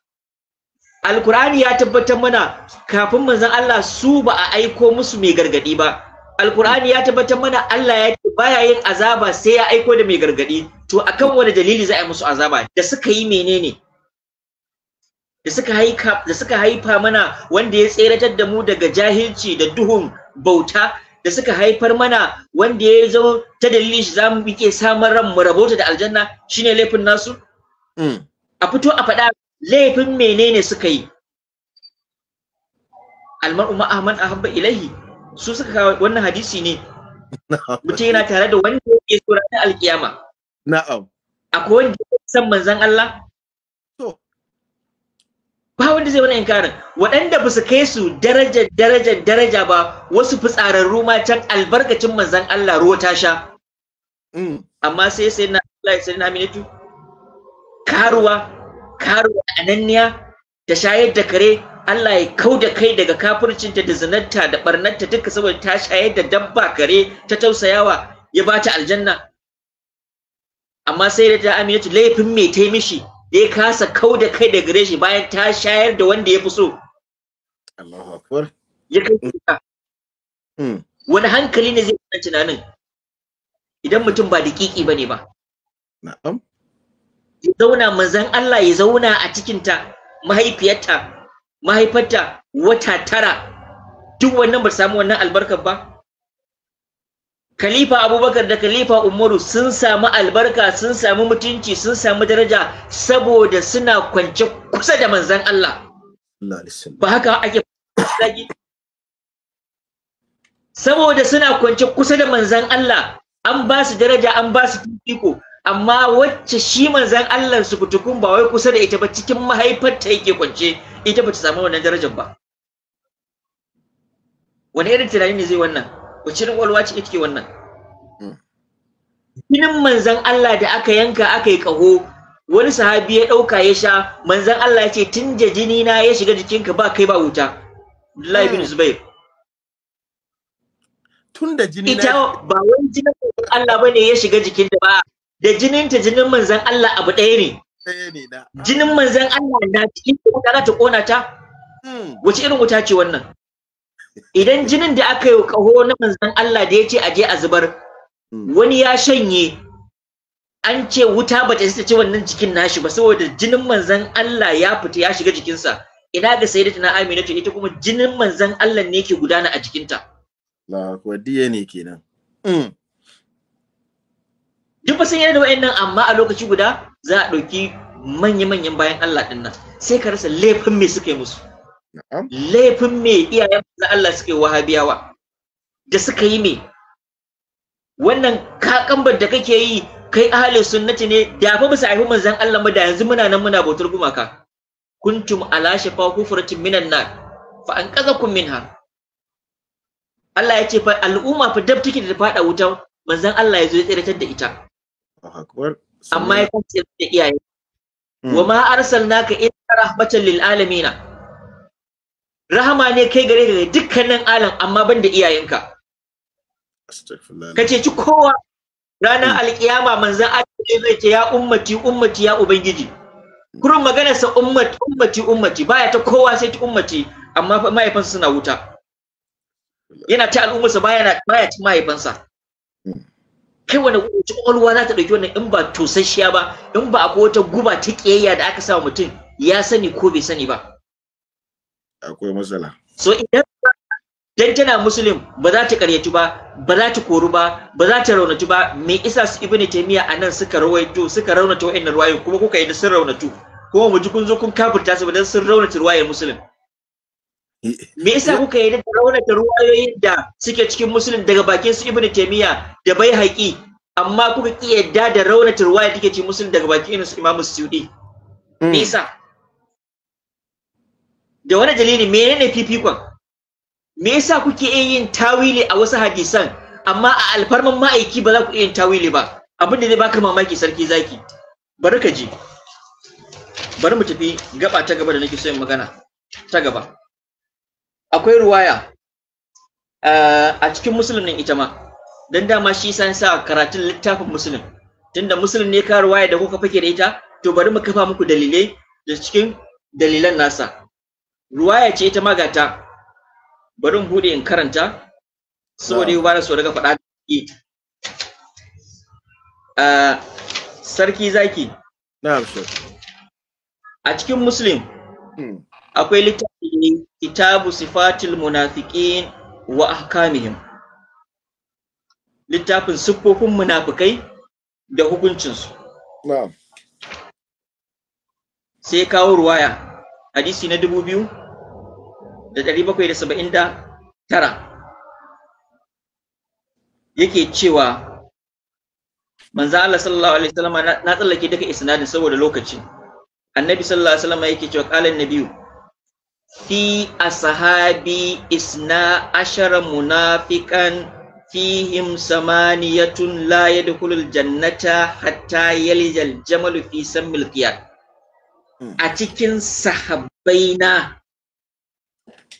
Alkur'ani ya tabbatar mana kafin manzon Allah su ba a aiko musu mai gargadi ba. Alkur'ani ya tabbatar mana Allah ya ce baya yin azaba sai ya aiko da mai gargadi. to akan wani dalili za a yi musu azaba da suka yi menene da suka haifa da suka haifa mana wanda ya tseratar da mu daga jahilci da duhun bauta da suka haifar mana wanda ya zo ta dalilin shi zamu bike samun ran mu rabota da aljanna shine laifin nasu hmm. a fito a faɗa laifin menene suka yi almar'u ma'aman ahabba ilahi su suka kawo wannan hadisi ne [LAUGHS] mutum yana tare da wanda yake so ranar alkiyama Na'am. Akwai wanda ya san manzon Allah? To. Ba wanda zai wani inkarin. Waɗanda ba su kai su daraja daraja daraja ba wasu fitsararru ma can albarkacin manzan Allah ruwa ta sha. Mm. Amma sai sai na Allah ya sai na aminatu. Karuwa, karuwa ananniya ta shayar da kare Allah ya kau da kai daga kafircinta da zinarta da barnarta duka saboda ta shayar da dabba kare ta tausayawa ya ba ta aljanna amma sai da ta ta laifin mai ta mishi ya kasa kau da kai da gare shi bayan ta shayar da wanda ya fi so Allahu akbar ya kai hmm. wani hankali ne zai kan tunanin idan mutum ba daƙiƙi bane ba na'am ya zauna mazan Allah ya zauna a cikin ta mahaifiyarta mahaifarta wata tara duk wannan ba samu wannan albarkar ba khalifa abubakar da khalifa umaru sun samu albarka sun samu mutunci sun samu daraja saboda suna kwance kusa da manzan Allah ba haka ake zagi saboda suna kwance kusa da manzan Allah an ba su daraja an ba su fifiko amma wacce shi manzan Allah su kutukun ba wai kusa da ita ba cikin mahaifarta yake kwance ita ba ta samu wannan darajar ba wani irin tunani ne zai wannan wacce walwa ce take wannan hmm. jinin manzan Allah da aka yanka aka yi ƙaho wani sahabi ya ɗauka ya sha manzan Allah ya ce tun da jini na ya shiga jikinka ba kai ba wuta Abdullahi bin hmm. Zubair tun da jini ita ba wani jinin manzan Allah bane ya shiga jikin ba da jinin ta jinin manzan Allah abu ɗaya ne jinin manzan Allah na cikin ta ta kona hmm. ta wace irin wuta ce wannan idan jinin da aka yi kaho na manzan Allah da ya ce a je a zubar hmm. wani ya shanye an ce wuta ba ta ci wannan jikin nashi ba saboda jinin manzan Allah ya fita ya shiga jikinsa ina ga sayyidatu na Amina ce ita kuma jinin manzan Allah ne ke gudana a jikinta na kuwa ne kenan hmm. duk sun da wa'annan amma a lokaci guda za a ɗauki manya-manyan bayan Allah ɗin sai ka rasa laifin me suka yi musu laifin me iyayen da Allah suka yi wahabiyawa da suka yi me wannan kakambar da kake yi kai ahli sunnati ne da fa bisa aihu manzon Allah mu da yanzu muna nan muna bautar gumaka kuntum ala shafa hufratin minan nar fa an qazakum minha Allah ya ce fa al'umma fa dab take da fada wuta manzon Allah ya zo ya tsiratar da ita amma ya kan tsiratar da iyaye hmm. wa ma arsalnaka illa rahmatan lil alamin rahama ne kai gare ka dukkanin alam amma ban da iyayenka kace ci kowa ranar hmm. alkiyama manzan Allah zai ce ya ummati ummati ya ubangiji kurun magana sa ummati ummati ummati baya ta kowa sai ta ummati amma mahaifansa suna wuta yana ta al'ummarsa baya na baya ta mahaifansa hmm. kai wani wuce kwakwalwa za ta ɗauki wannan in ba tosasshiya ba in ba akwai wata guba ta ƙiyayya da aka sa mutum ya sani ko bai sani ba akwai matsala so idan dan tana muslim ba za ta karyaci ba ba za ta koru ba ba za ta raunatu ba me isa su ibn taymiya anan suka rawaito suka raunata wa'annan ruwayoyi kuma kuka yi da sun raunatu kuma mu ji kun zo kun kafirta su dan sun raunata ruwayar muslim me isa kuka yi da raunata ruwayoyin da suke cikin muslim daga bakin su ibn taymiya da bai haƙi amma kuka ki yadda da raunata ruwaya take cikin muslim daga bakin su imamu suyudi me hmm. isa da wani dalili menene fifikon me yasa kuke yin tawili a wasu hadisan amma a alfarman ma'aiki ba za ku yin tawili ba abin da zai baka mamaki sarki zaki bari ka ji bari mu tafi gaba ta gaba da nake so yin magana ta gaba akwai ruwaya eh, a cikin musulmin ita ma dan dama shi san sa karatun littafin musulun. tunda musulun ne ka ruwaya da kuka fake da ita to bari mu kafa muku dalilai da cikin dalilan nasa ruwaya ce ita magata bari in bude in karanta saboda yau bara so daga faɗa a eh, sarki zaki na'am a cikin muslim hmm. akwai littafi kitabu sifatil munafiqin wa ahkamihim littafin siffofin munafikai da hukuncinsu na'am sai kawo ruwaya hadisi na dubu biyu da ɗari bakwai da saba'in da tara yake cewa manzan Allah sallallahu alaihi wasallam na tsallake duka isnadin saboda lokaci annabi sallallahu alaihi wasallam yake cewa qala annabiyu fi ashabi isna ashara munafiqan fihim samaniyatun la yadkhulul jannata hatta yalijal jamalu fi sammil qiyat Hmm. a cikin sahabbaina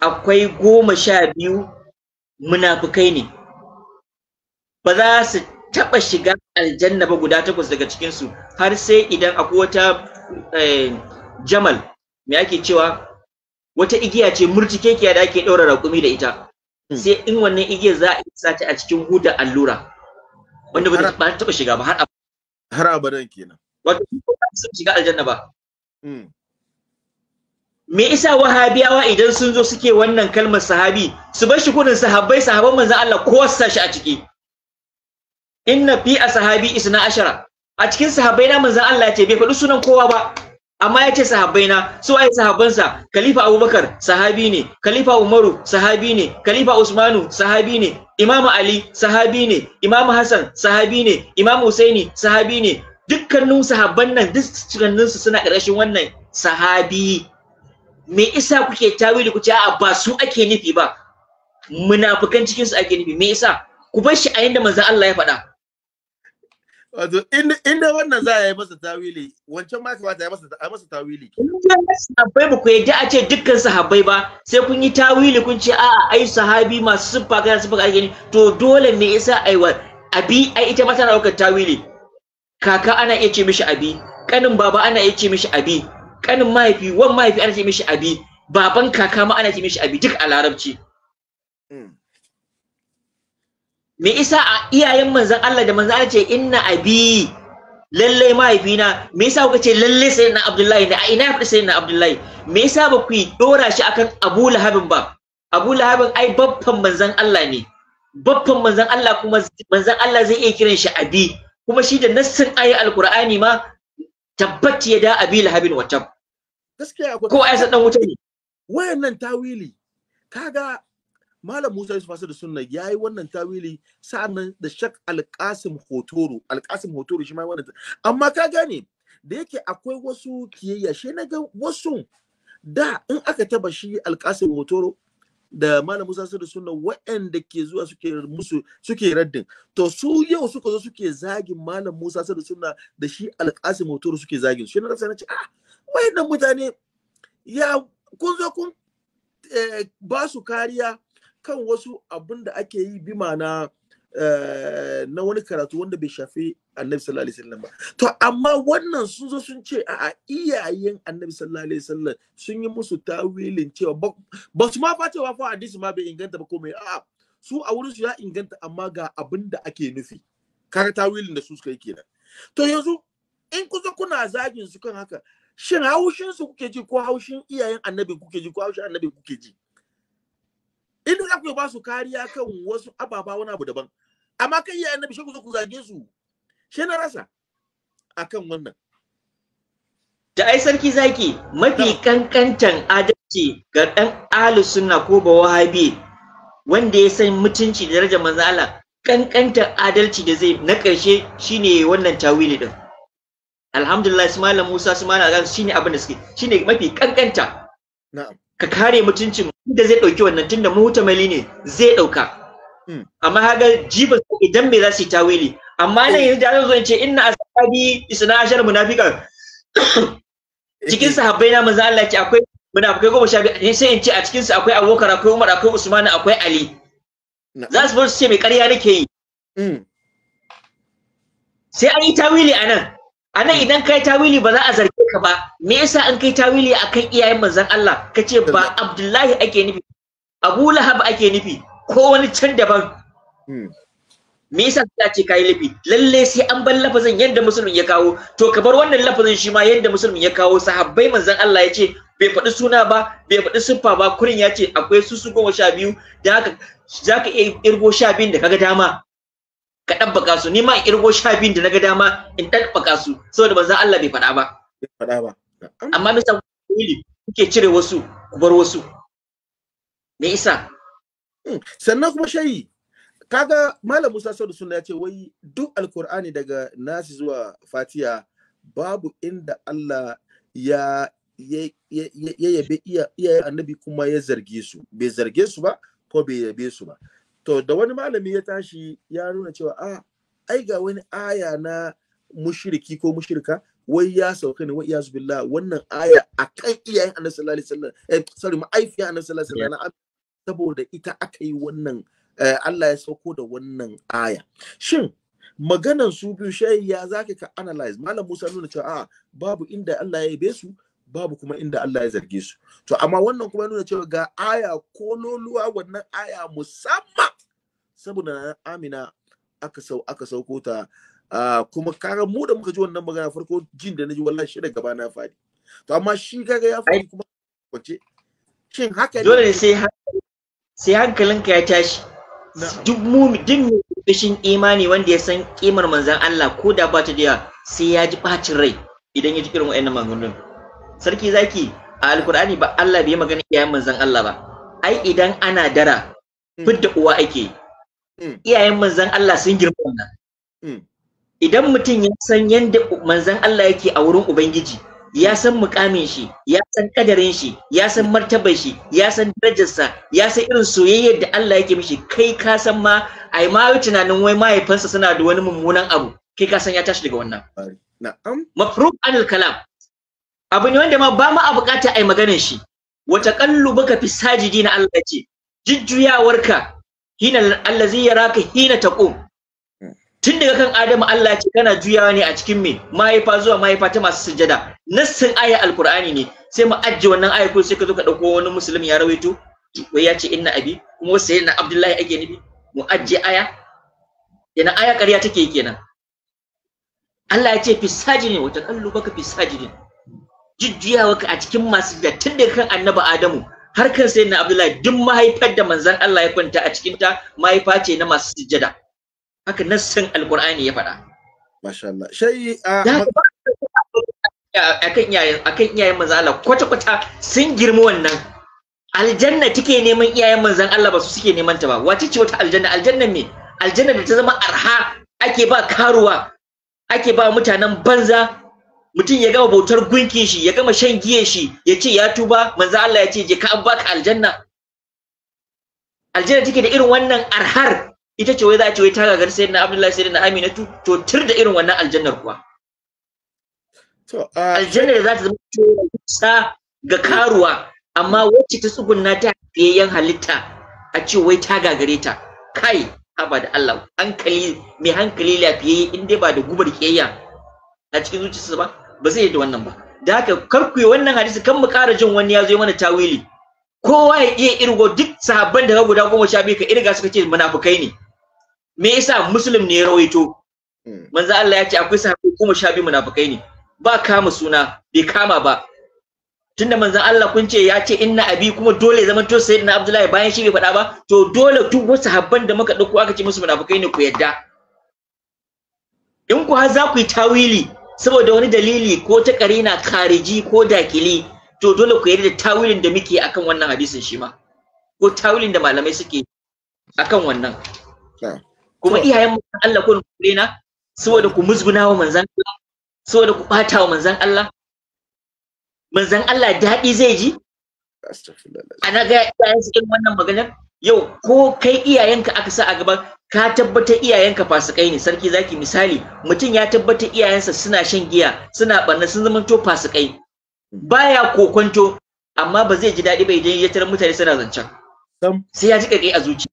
akwai goma sha biyu munafukai ne ba za su taɓa shiga aljanna ba guda takwas daga cikinsu har sai idan akwai wata eh, jamal me ake cewa wata igiya ce murtikekiya da ake ɗaura raƙumi da ita hmm. sai in wannan igiyar za a isa ta a cikin hudar allura wanda ba ta taɓa shiga ba har abadan kenan wato ba su shiga aljanna ba me isa wahabiyawa idan sun zo suke wannan kalmar sahabi su bar shi kudin sahabbai sahabban manzon Allah ko sa shi a ciki inna fi ashabi isna ashara a cikin sahabbai na manzon Allah yace bai faɗi sunan kowa ba amma yace sahabbai na su ai sahabban khalifa Abubakar sahabi ne khalifa Umaru sahabi ne khalifa Usmanu sahabi ne Imam Ali sahabi ne Imam Hassan sahabi ne Imam Husaini sahabi ne dukkanin sahabban nan dukkanin su suna ƙarƙashin wannan sahabi me isa kuke tawili kuce a'a ba su ake nufi ba munafikan cikin su ake nufi me isa ku bar shi a yanda manzon Allah ya faɗa wato inda wannan za a yi masa tawili wancan ma kamata ya masa a masa tawili sahabbai ba ku yadda a ce dukkan sahabbai ba sai kun yi tawili kun ce a ai sahabi masu siffa kana siffa ake ni to dole me yasa ai wa abi ai ita ma tana daukar tawili kaka ana iya ce mishi abi kanin baba ana iya ce mishi abi kanin mahaifi wan mahaifi ana ce mishi abi baban kaka ma ana ce mishi abi duk a larabci hmm. me isa a iyayen manzon Allah da manzon Allah ce inna abi lallai mahaifina me yasa kuka ce lallai sai na Abdullahi ne a ina fadi sai na Abdullahi me yasa ba ku dora shi akan Abu Lahabin ba Abu Lahabin ai babban manzon Allah ne babban manzon Allah kuma manzon Allah zai iya kiran shi abi kuma shi da nassin ayi alqur'ani ma tabbat ya da abi lahabin wata gaskiya ko ayi sa dan wuta ne wayannan tawili kaga malam Musa Yusuf da Sunna yayi wannan tawili sa'annan da Shak Alqasim Hotoro Alqasim Hotoro shi ma wannan amma ka gane da yake akwai wasu kiyayya shi na ga wasu da in aka taba shi Alqasim Hotoro da malam Musa Sadu suna waɗanda ke zuwa suke musu suke raddin to su yau suka zo suke zagin malam Musa Sadu suna da shi alƙasim motor suke zagin shi na rasa na ce ah wayannan mutane ya kun zo kun eh, ba su kariya kan wasu abin da ake yi bi ma'ana Eh, na wani karatu wanda bai shafi annabi sallallahu alaihi wasallam to amma wannan sun zo sun ce a iyayen annabi sallallahu alaihi wasallam sun yi musu tawilin cewa ba su ma fa cewa fa hadisi ma bai inganta ba ko mai a'a su a wurin su ya inganta amma ga abinda da ake nufi kaga tawilin da su suka yi kenan to yanzu in kusa kuna zagin su kan haka shin haushin su kuke ji ko haushin iyayen annabi kuke ji ko haushin annabi kuke ji in za ku ba su kariya kan wasu ababa wani abu daban amma kai ya annabi ku ku zage su shi na rasa akan wannan da ai sarki zaki mafi kankantan adalci ga dan ahlus sunna ko ba wahabi wanda ya san mutunci da daraja manzo Allah kankantan adalci da zai na karshe shine wannan tawili din alhamdulillah ismaila malam Musa su malam shine abin da suke shine mafi kankanta na'am ka kare mutuncin inda zai dauki wannan tunda mutamali ne zai dauka Hmm. amma haka jibin idan me za su yi tawili amma nan yanzu da zo in ce inna asabi isna ashar munafiqan [COUGHS] cikin sahabbai na manzo Allah ce akwai munafikai goma sha biyu sai in ce a cikin su akwai Abubakar akwai Umar akwai Usman akwai Ali za su bar su ce mai ƙarya nake yi hmm. sai an yi tawili a nan a nan hmm. idan kai tawili ba za a zarge ka ba me yasa an kai tawili akan iyayen manzon Allah kace ba Abdullahi ake nufi Abu Lahab ake nufi ko wani can daban hmm. me yasa ta ce kai lafi lalle sai an bar lafazin yadda musulmin ya kawo to ka bar wannan lafazin shi ma yadda musulmin ya kawo sahabbai manzon Allah ya ce bai faɗi suna ba bai faɗi siffa ba kurin ya ce akwai su su goma sha biyu da haka za ka iya irgo sha biyun da kaga dama ka ɗabbaka su ni ma in irgo sha biyun da naga dama in ɗabbaka su saboda manzon Allah bai faɗa ba bai faɗa ba amma misa kuke cire wasu ku bar wasu me isa Mm. sannan kuma shayi kaga malam musa sau da suna ya ce wai duk alkur'ani daga nasi zuwa fatiya babu inda allah ya yabe iyayen annabi kuma ya zarge su bai zarge su ba ko bai yabe su ba to da wani malami ya tashi ya nuna cewa a ai ga wani aya na mushriki ko mushirka wai ya sauka ne wai iyazu billah wannan aya akan iyayen annabi sallallahu alaihi wasallam eh sorry ma'aifiyan annabi sallallahu alaihi wasallam saboda ita aka yi wannan eh, Allah ya sauko da wannan aya shin maganan su biyu shayi ya zaka ka analyze malam Musa nuna cewa a, babu inda Allah ya yabe su babu kuma inda Allah ya zarge su to amma wannan kuma nuna cewa ga aya ko loluwa wannan aya musamman saboda Amina aka sau aka sauko ta kuma kaga mu da muka ji wannan magana farko jin da naji wallahi shi da gaba fadi to amma shi kaga ya fadi kuma kwace shin haka dole sai haka sai hankalinka ya tashi duk mumi din mai fishin imani wanda ya san kimar manzan Allah ko da ba ta da sai ya ji bacin rai idan ya ji irin wa'annan maganganun sarki zaki a alkur'ani ba Allah bai magana iyayen manzan Allah ba ai idan ana dara hmm. fidda uwa ake hmm. iyayen manzan Allah sun girma wannan hmm. idan mutum ya san yadda manzan Allah yake a wurin ubangiji ya san mukamin shi ya san kadarin shi ya san martabar shi ya san darajarsa ya san irin soyayyar da Allah yake mishi kai ka san ma ai ma tunanin wai mahaifinsa suna da wani mummunan abu kai ka san ya tashi daga wannan na'am mafruq anil kalam abu ne wanda ma ba ma a bukata ai maganar shi wata baka fi sajidi na Allah ce jujjuyawarka hina allazi yaraka hina taqum tun daga kan Adamu Allah ce kana juyawa ne a cikin me mahaifa zuwa mahaifa ta masu sujada nassin ayar alqur'ani ne sai mu ajje wannan ayar ko sai ka zo ka dauko wani musulmi ya rawaito wai ya ce inna abi kuma wasu na Abdullahi ake nufi mu ajje aya yana aya ƙarya take kenan Allah ya ce fi wata kallu baka fi sajidin jujjuyawa ka a cikin masu sujada tun daga kan Annabi Adamu har kan na Abdullahi duk mahaifar da manzon Allah ya kwanta a cikin ta mahaifa ce na masu sujada haka nassan alkur'ani ya faɗa masha Allah shai akan iyayen akan iyayen manzon Allah kwata kwata sun girma wannan aljanna take neman iyayen manzan Allah ba su suke neman ta ba wace ce wata aljanna aljanna me aljanna da ta zama arha ake ba karuwa ake ba mutanen banza mutum ya gama bautar gunkin shi ya gama shan giyan shi ya ce ya tuba manzo Allah ya ce je ka an baka aljanna aljanna take da irin wannan arhar ita ce wai za a ce wai ta gagar sai na abdullahi sai na Amina to tir da irin wannan aljannar kuwa aljannar za ta zama sa ga karuwa amma wacce ta tsugunna ta fiyayyen halitta a ce wai ta gagare ta kai haba da Allah hankali mai hankali lafiye in dai ba da gubar kiyayya a cikin zuciyarsa ba ba zai da wannan ba da haka kar wannan hadisi kan mu kara jin wani ya zo mana tawili kowa ya iya irgo duk sahabban da ka guda goma sha biyu ka irga suka ce munafukai ne me yasa muslim ne rawaito hmm. manzo Allah ya ce akwai sahabbai kuma sha biyu munafikai ne ba kama suna bai kama ba tunda manzo Allah kun ce ya ce inna abi kuma dole zaman to sayyidina Abdullahi bayan shi bai faɗa ba to dole duk wasu habban da muka dauko aka ce musu munafikai ne ku yadda in ku har za ku yi tawili saboda wani dalili ko ta karina kariji ko dakili to dole ku yarda da tawilin da muke akan wannan hadisin shi ma ko tawilin da malamai suke akan wannan kuma iyayen mu Allah ko kure na saboda ku musguna wa manzan Allah saboda ku bata wa manzan Allah manzan Allah daɗi zai ji ana ga iyayen su irin wannan maganar yau ko kai iyayenka aka sa a gaba ka tabbatar iyayenka fasikai ne sarki zaki misali mutum ya tabbatar iyayensa suna shan giya suna barna sun zama to fasikai baya kokonto amma ba zai ji daɗi ba idan ya tarar mutane suna zancen sai ya ji kai a zuci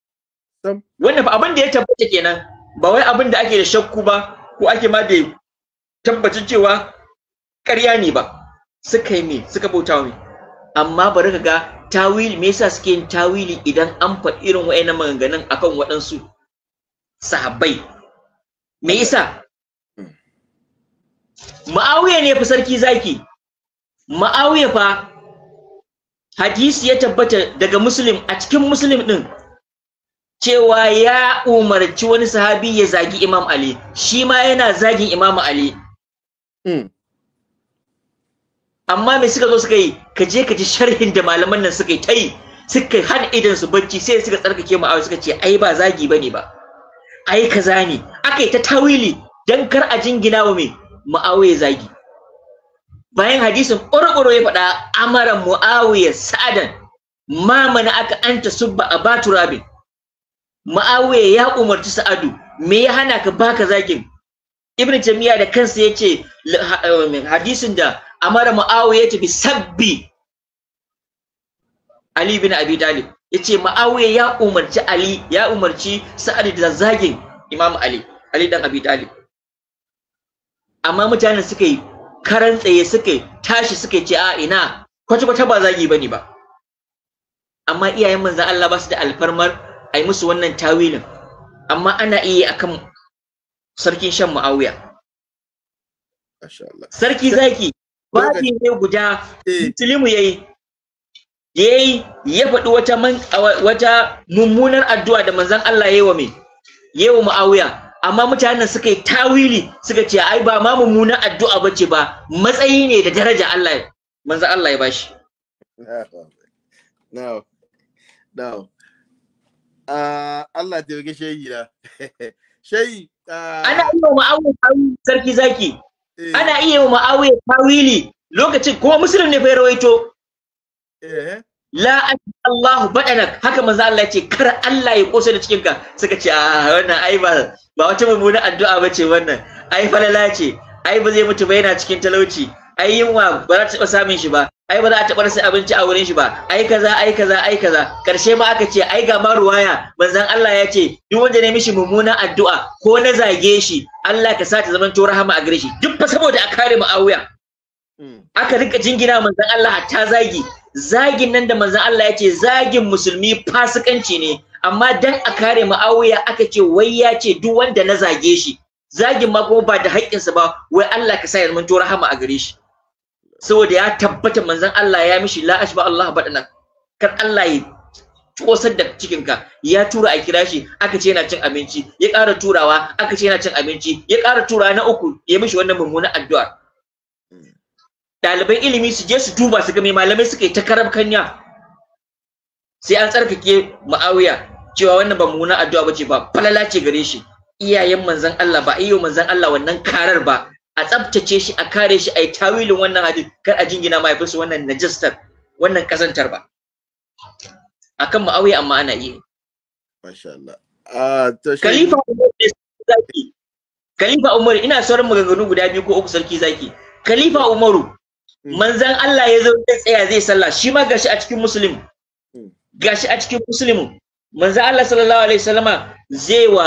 wannan abin da ya tabbata kenan ba wai abin da ake da shakku ba ko ake ma da tabbacin cewa ƙarya ne ba suka yi me suka bauta me amma bari ka ga tawili me yasa suke yin tawili idan an faɗi irin wayannan maganganun akan waɗansu sahabbai me yasa Ma'awiya hmm. ne fa sarki zaki Ma'awiya fa hadisi ya tabbata daga Muslim a cikin Muslim din cewa ya umarci wani sahabi ya zagi Imam Ali shi ma yana zagin Imam Ali hmm. amma me suka zo suka yi ka je ka ji sharhin da malaman nan suka yi ta yi suka hana idan su bacci sai suka tsarkake mu suka ce ai ba zagi bane ba ai kaza ne aka yi ta tawili dan kar a jingina wa me mu'awiya zagi bayan hadisin ƙwarƙwaro ya faɗa Amara, mu'awiya sa'adan ma mana aka anta subba a baturabin ma'awiya ya umarci sa'adu me ya hana ka baka zagin ibn Jami'a da kansa yace eh, hadisin da amara ma'awiya yace bi sabbi ali bin abi talib ya ma'awiya ya umarci ali ya umarci sa'adu da zagin imam ali ali dan abi talib amma mutane suka yi karan tsaye suka tashi suka ce a ina kwata-kwata ba zagi bane ba amma iyayen manzan Allah ba su da alfarmar a yi musu wannan tawilin amma ana iya akan sarkin shan ma'auya sarki zaki babi ne guda eh. musulmi ya yi ya yi ya faɗi wata mummunar addu'a da manzon Allah ya yi wa me ya yi wa amma mutanen suka yi tawili suka ce ai ba ma mummunar addu'a ba ce ba matsayi ne da daraja Allah manzon Allah ya bashi no no Ah, Allah ta yauke shayi na. [LAUGHS] Shayi. Ah. Ana iya wa kawili sarki zaki. Eh. Ana iya wa ma'awiyar tawili lokacin kuma musulun ne fa rawaito. Eh. La Allahu baɗanak haka Maza Allah ce kar Allah ya kosa da cikin ka suka ce a ah, wannan ai ba ba wata mummunan addu'a ce wannan ai falala ce ai ba zai mutu ba yana cikin talauci ai yunwa ba za ta taɓa samun shi ba ai ba za a taɓa rasa abinci a wurin shi ba ai kaza ai kaza ai kaza karshe ma aka ce ai ga ma ruwaya manzon Allah ya ce duk wanda ne mishi mummunan addu'a ko na zage shi Allah ka sa ta zaman to rahama a gare shi duk fa saboda a kare Muawiya hmm. aka rika jingina manzon Allah ta zagi zagin nan da manzon Allah ya ce zagin musulmi fasikanci ne amma dan a kare Muawiya aka ce wai ya ce duk wanda na zage shi zagin ma kuma ba da haƙƙinsa ba wai Allah ka sa ya zaman to rahama a gare shi saboda ya tabbata manzon Allah ya mishi la ashba Allah badana kar Allah ya kosar da cikin ka ya tura a kira shi aka ce yana cin abinci ya ƙara turawa aka ce yana cin abinci ya ƙara turawa na uku ya mishi wannan mummunan addu'a ɗaliban ilimi su je su duba su ga mai malamai suka yi ta karab kanya sai an tsarkake ma'awiya cewa wannan ba mummunan addu'a bace ba falala ce gare shi iyayen manzon Allah ba iyo Manzan Allah wannan karar ba a tsabtace shi a kare shi a yi tawilin wannan hadith kar a jingina mahaifinsu wannan najistar wannan kasantar ba akan ma'auya amma ana yi masha Allah ah, khalifa zaki khalifa umaru ina sauran maganganu guda biyu ko uku sarki zaki khalifa umaru hmm. manzan Allah ya zo zai tsaya zai sallah shi ma gashi a cikin muslim hmm. gashi a cikin muslim manzan Allah sallallahu alaihi wasallama zai wa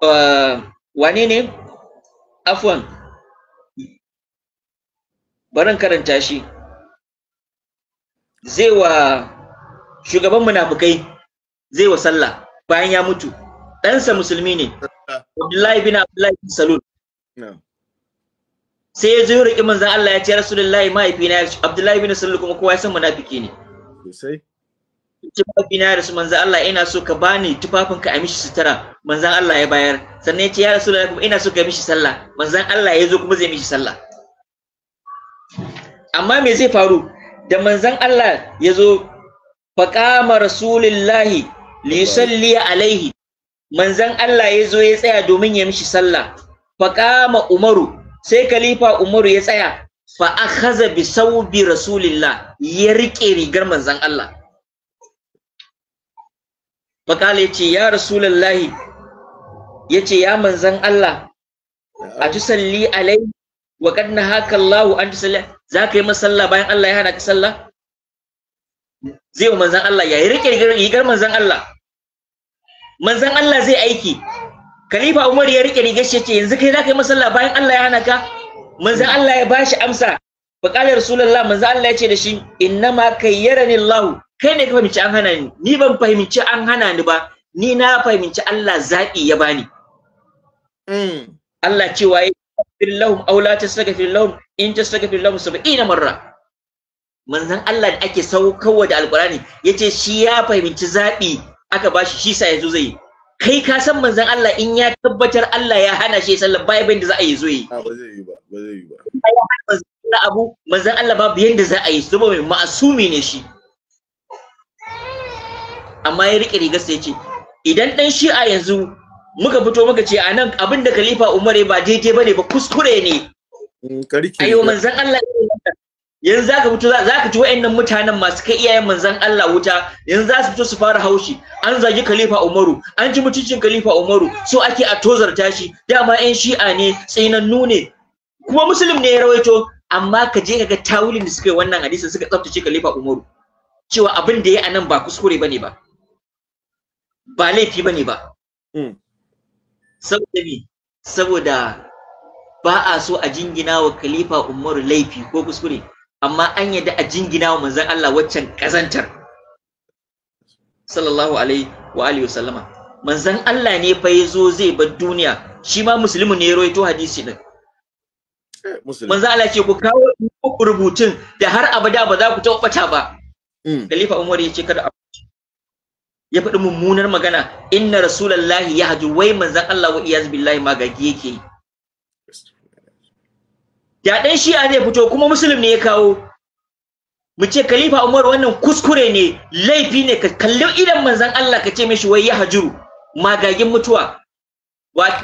uh, wane ne afwan barin karanta shi zai wa shugaban munafukai zai wa sallah bayan ya mutu ɗansa musulmi ne Abdullahi bin Abdullahi bin Salul sai ya zo ya riƙi manzan Allah ya ce Rasulullahi mahaifina Abdullahi bin Salul kuma kowa ya san munafiki ne sosai mahaifina ya rasu manzan Allah ina so ka bani tufafin ka a mishi sutura manzan Allah ya bayar sannan ya ce ya rasulullahi kuma ina so ka mishi sallah manzan Allah ya zo kuma zai mishi sallah amma me zai faru da manzon Allah ya zo faqama rasulillahi li yusalli alaihi manzon Allah ya zo ya tsaya domin ya mishi sallah faqama umaru sai khalifa umaru ya tsaya fa akhadha bi saubi rasulillah ya rike rigar manzon Allah ya ce ya ya yace ya manzon Allah a salli alaihi wa kadna haka Allah an salli za ka yi masalla bayan Allah ya hana ka sallah zai wa manzan Allah ya yi rike rigar manzan Allah manzan Allah zai aiki khalifa Umar ya rike rigar shi ce yanzu kai za ka yi masalla bayan Allah ya hana ka manzan Allah ya bashi amsa faqala rasulullah manzan Allah ya ce da shi innama kayyarani Allah kai ne ka fahimci an hana ni ni ban fahimci an hana ni ba ni na fahimci Allah zaɓi ya bani hmm. Allah cewa tastaghfir lahum aw la tastaghfir lahum in tastaghfir lahum sab'ina marra manzon Allah da ake saukarwa da alqur'ani yace shi ya fahimci zabi aka bashi shi sa yazo zai kai ka san manzon Allah in ya tabbatar Allah ya hana shi sallar bai bai da za a yi zo yi ba zai yi ba ba zai yi ba abu manzon Allah babu yanda za a yi saboda mai ma'asumi ne shi amma ya rike rigar sai ce idan dan shi'a yanzu muka fito muka ce anan abin da khalifa Umar ba daidai bane ba kuskure ne mm, ayo manzon Allah yanzu zaka fito zaka ci wayannan mutanen masu kai iyayen manzon Allah wuta yanzu za su fito su fara haushi an zagi khalifa Umaru an ji mutuncin khalifa Umaru so ake a tozarta shi dama yan shi'a ne tsinan ne kuma muslim ne ya rawaito amma ka je ka ga tawulin da suka yi wannan hadisin suka tsaftace khalifa Umaru cewa abin da ya anan ba kuskure bane ba ba laifi bane ba mm. saboda me saboda ba a so a jingina wa khalifa umaru laifi ko kuskure amma an yadda a jingina wa manzon Allah waccan kazantar sallallahu alaihi wa alihi wasallama manzon Allah ne fa yazo zai bar duniya shi ma musulmi ne ya rawaito hadisi din eh, manzon Allah ce ku kawo rubutun da har abada ba za ku tabbata ba hmm. khalifa umar ya ce kada ya faɗi mummunar magana inna rasulallahi ya haji wai manzan Allah wa iyaz billahi ga yake ya ɗan shi'a zai fito kuma musulun ne ya kawo mu ce khalifa umar wannan kuskure ne laifi ne ka kalli idan manzan Allah ka ce mishi wai ya hajuru magagin mutuwa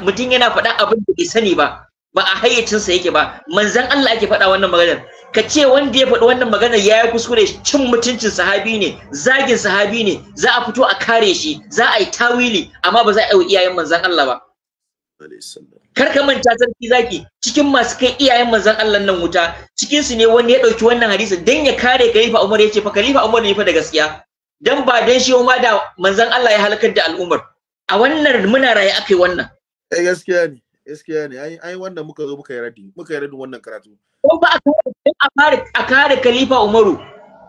mutum yana faɗa abin da bai sani ba ba a hayyacinsa yake ba manzan Allah ake faɗa wannan maganar ka ce wanda ya faɗi wannan magana ya yi kuskure cin mutuncin sahabi ne zagin sahabi ne za a fito a kare shi za a yi tawili amma ba za a yi iyayen manzan Allah ba kar ka manta sarki zaki cikin masu kai iyayen manzan Allah nan wuta cikin su ne wani ya ɗauki wannan hadisi dan ya kare Khalifa Umar yace fa Khalifa Umar ne fa da gaskiya dan ba dan shi ma da manzan Allah ya halakar da al'ummar a wannan muna raye akai wannan eh gaskiya ne gaskiya ne ai ai wanda muka zo muka yi radin muka yi radin wannan karatu ko ba a kare a kare khalifa umaru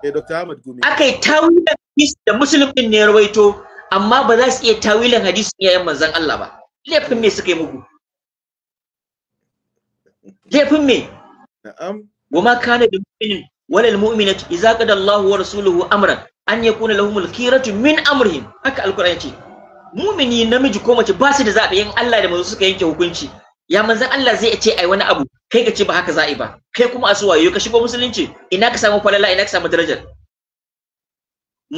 eh dr ahmad gumi akai tawilan hadisi da muslim din ne rawaito amma ba za su iya tawilin hadisin yayin manzon Allah ba laifin me suka yi muku laifin me na'am wama kana da mu'minin walal mu'minati idza qada Allahu wa rasuluhu amran an yakuna lahumul khiratu min amrihim haka alquran ce mumini namiji ko mace ba su da zaɓi in Allah da manzo suka yanke hukunci ya manzan Allah zai ce ai wani abu kai ka ce ba haka za'i ba kai kuma a suwaye ka shigo musulunci ina ka samu falala ina ka samu darajar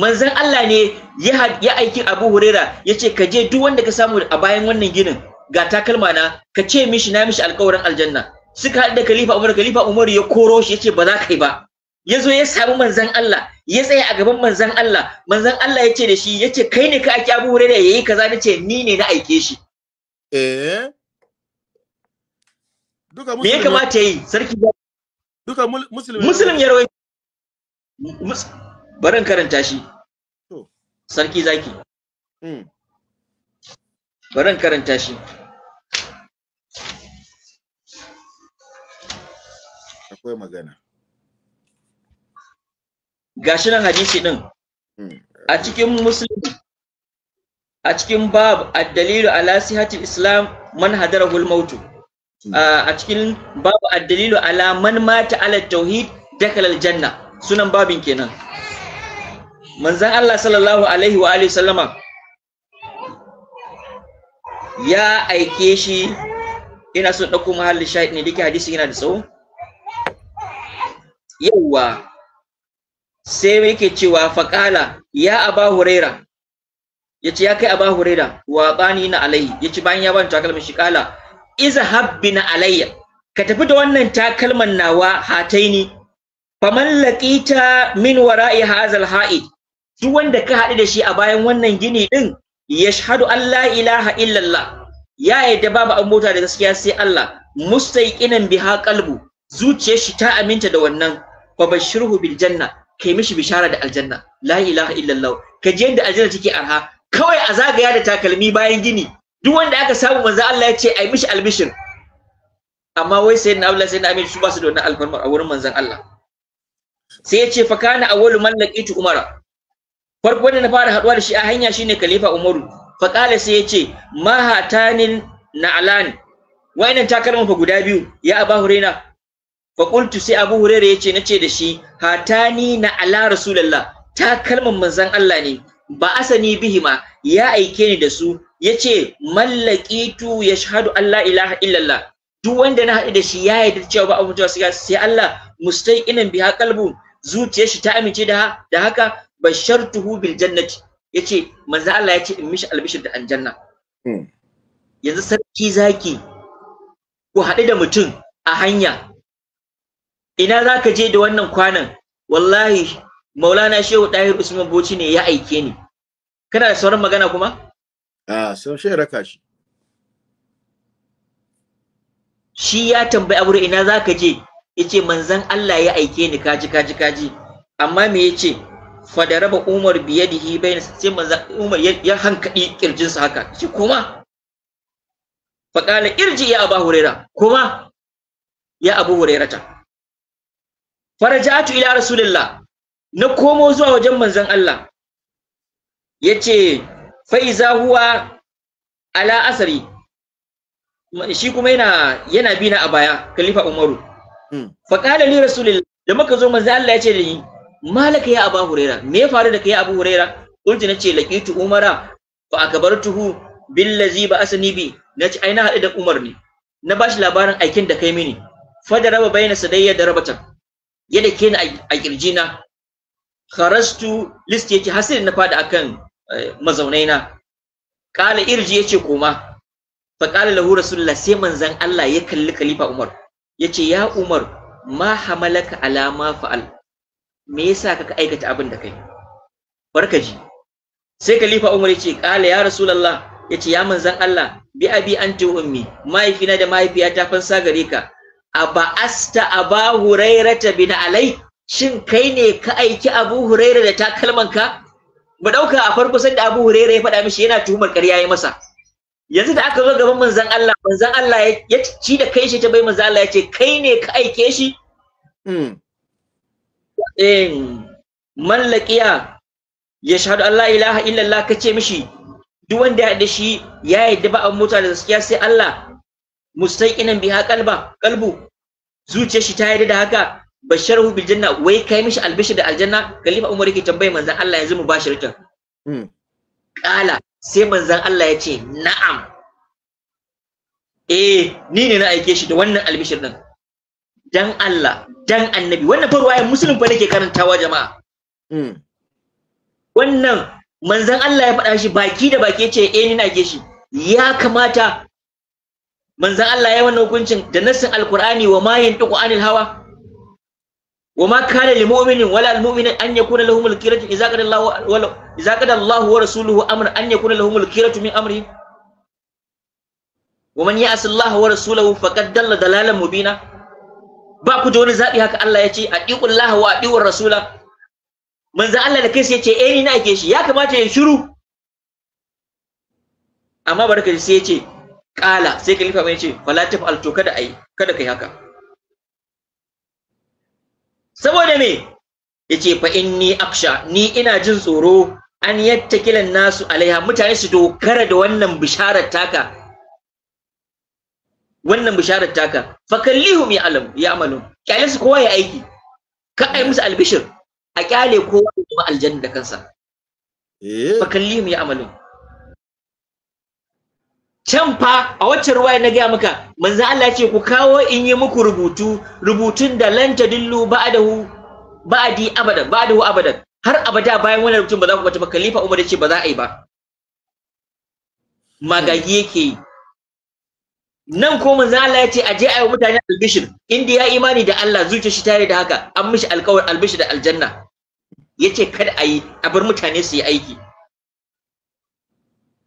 manzan Allah ne ya ya aiki Abu Huraira ya ce ka je duk wanda ka samu a bayan wannan ginin ga takalma na ka ce mishi na mishi alƙawarin aljanna suka haɗu da Khalifa Umar Khalifa Umar ya koro shi ya ce ba za ka yi ba ya zo ya samu manzan Allah ya tsaya a gaban manzan Allah manzan Allah ya ce da shi ya ce kai ne ka ake abu da ya yi kaza na ce ni ne na aike shi eh duka me ya kamata ya yi sarki duka musulmi musulmi ya rawai barin karanta shi sarki zaki hmm. barin karanta shi akwai magana gashi nan hadisi din hmm. a cikin muslim a cikin bab ad-dalilu ala sihati islam man hadarahu al-maut hmm. a cikin bab ad-dalilu ala man mata ala tauhid dakala al-janna sunan babin kenan manzan Allah sallallahu alaihi wa alihi sallama ya aike shi ina son dauko mahallin shahid ne dake hadisi yana da tsawo yawwa sai yake cewa faƙala ya aba huraira ya ce ya kai aba huraira wa bani na alayhi ya ce bayan ya bani takalmin shi ƙala iza habbi na alayya ka tafi da wannan takalman nawa hataini faman laqita min wara'i hazal ha'id duk wanda ka haɗu da shi a bayan wannan gini din yashhadu an la ilaha illallah ya yadda babu an mota da gaskiya sai Allah mustaiqinan biha qalbu zuciyar shi ta aminta da wannan fa bashirhu bil janna kai mishi bishara da aljanna la ilaha illallah ka ji yadda aljanna take arha kawai a zagaya da takalmi bayan gini duk wanda aka samu manzo Allah ya ce ai mishi albishir amma wai sai na Allah sai na Amin su ba su da wannan alfarma a wurin manzon Allah sai ya ce fa kana awwalu man laqitu umara farko da na fara haduwa da shi a hanya shine khalifa umaru fa sai ya ce ma hatanin na'lan wayannan takalman fa guda biyu ya abu raina faƙultu sai abu hurere ya ce na ce da shi hatani na ala rasulallah ta kalmar manzan Allah ne ba asani bihima ya aike ni da su ya ce mallakitu ya shahadu Allah ilaha illallah duk wanda na haɗu da shi ya yarda cewa ba abubuwa suka sai Allah mustaiqinan biha qalbu zuciyar shi ta amince da da haka bashartuhu bil jannati yace manzan Allah yace in mishi albishir da aljanna hmm. yanzu sarki zaki ku haɗu da mutum a hanya ina za ka je da wannan kwanan wallahi maulana shehu ɗahir usman Boci ne ya aike ni kana da sauran magana kuma a sun shi raka shi shi ya tambayi abu ina za ka je ya ce manzan allah ya aike ni kaji kaji kaji amma me ya ce raba umar da hibai na sai manzan umar ya hankali kirjinsa haka shi kuma faƙala irji ya abu hurera kuma ya abu ta farajatu ila rasulillah na komo zuwa wajen manzon Allah yace faiza huwa ala asri shi kuma yana yana bina a baya khalifa umaru hmm. fa qala li rasulillah da muka zo manzon Allah yace da ni malaka ya abu huraira me ya faru da kai abu huraira kunji nace laqitu umara fa akbartuhu billazi ba asani bi nace ai na haɗu da umar ne na bashi labarin aikin da kai mini fa da raba bayna sadayya da rabatan ya ke ni a kirji na kharastu list yake hasir na fada akan eh, mazaunai na irji yace koma fa kala lahu rasulullah sai manzan Allah ya kalli khalifa Umar yace ya Umar ma hamalaka ala ma fa'al me yasa kaka aikata abin da kai barka ji sai khalifa Umar yace kala ya rasulullah yace ya manzan Allah bi abi anti ummi mahaifina da mahaifiyata fansa gare ka aba'asta aba huraira ta bin alai shin kai ne ka aiki abu huraira da takalmanka mu dauka a farko san da abu huraira ya faɗa mishi yana tuhumar ƙarya ya masa yanzu da aka zo gaban manzon Allah manzon Allah ya ci da kai shi ta bai manzon Allah ya ce kai ne ka aike shi hmm. in mallakiya ya shahadu Allah ilaha illallah kace mishi duk wanda ya da shi ya yadda ba a mota da gaskiya sai Allah mustaqinan biha qalba qalbu zuciyar shi ta yarda da haka basharhu bil janna wai kai mishi albishir da aljanna khalifa umar yake tambaye manzon Allah yanzu mu bashi bashirtan hmm. kala sai manzon Allah ya ce na'am eh ni ne na aike shi da wannan albishir din dan Allah dan annabi wannan ruwayan musulun fa nake karantawa jama'a hmm. wannan manzon Allah ya faɗa shi baki da baki ce eh ni na aike shi ya kamata manzan Allah ya yi wannan hukuncin da nassin alkur'ani wa ma yantiqu anil hawa wa ma kana lil mu'minin wala al mu'minin an yakuna lahum al kiratu idza qada Allah wa idza qada Allah wa rasuluhu amran an yakuna lahum al kiratu min amri wa man ya'si Allah wa rasulahu faqad dalla dalalan mubina ba ku da wani zabi haka Allah ya ce aqiqullaha wa aqiqur rasula manzan Allah da kai sai ya ce eh ni na ake shi ya kamata ya shiru amma barka sai ya ce kala sai khalifa mai ce wala al to kada ai kada kai haka saboda me yace fa inni aksha ni ina jin tsoro an yattakilan nasu alaiha mutane su dogara da wannan bisharar taka wannan bisharar taka fa kallihum ya alam ya amalu kyale su kowa ya aiki ka ai musu albishir a kyale kowa ya zama aljanna da kansa eh. fa kallihum ya amalu can fa a wacce ruwaya na gaya maka manzo Allah ya ce ku kawo in yi muku rubutu rubutun da lan tadillu ba'dahu ba'di abadan ba'dahu abadan har abada bayan wannan rubutun ba za ku ba khalifa Umar ya ce ba za a yi ba magagi yake nan ko manzo Allah ya ce a je a yi mutane albishir inda ya imani da Allah zuciyar shi tare da haka an mishi alkawar albishir da aljanna yace kada a yi a bar mutane su yi aiki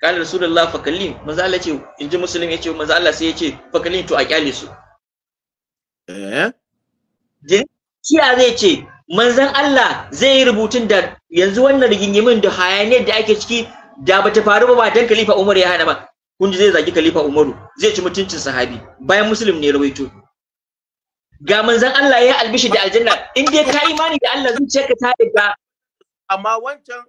kala rasulullah fakallin manzo Allah ce inji muslim yace manzo Allah sai yace fakallin to a kyale su eh kiya zai ce manzon Allah zai yi rubutun da yanzu wannan rigingimin da hayaniyar da ake ciki da bata faru ba dan khalifa Umar ya hana ba kun ji zai zagi khalifa Umaru zai ci mutuncin sahabi bayan muslim ne rawaito ga manzon Allah ya albishi da aljanna in dai ka imani da Allah zuciyarka ta riga amma wancan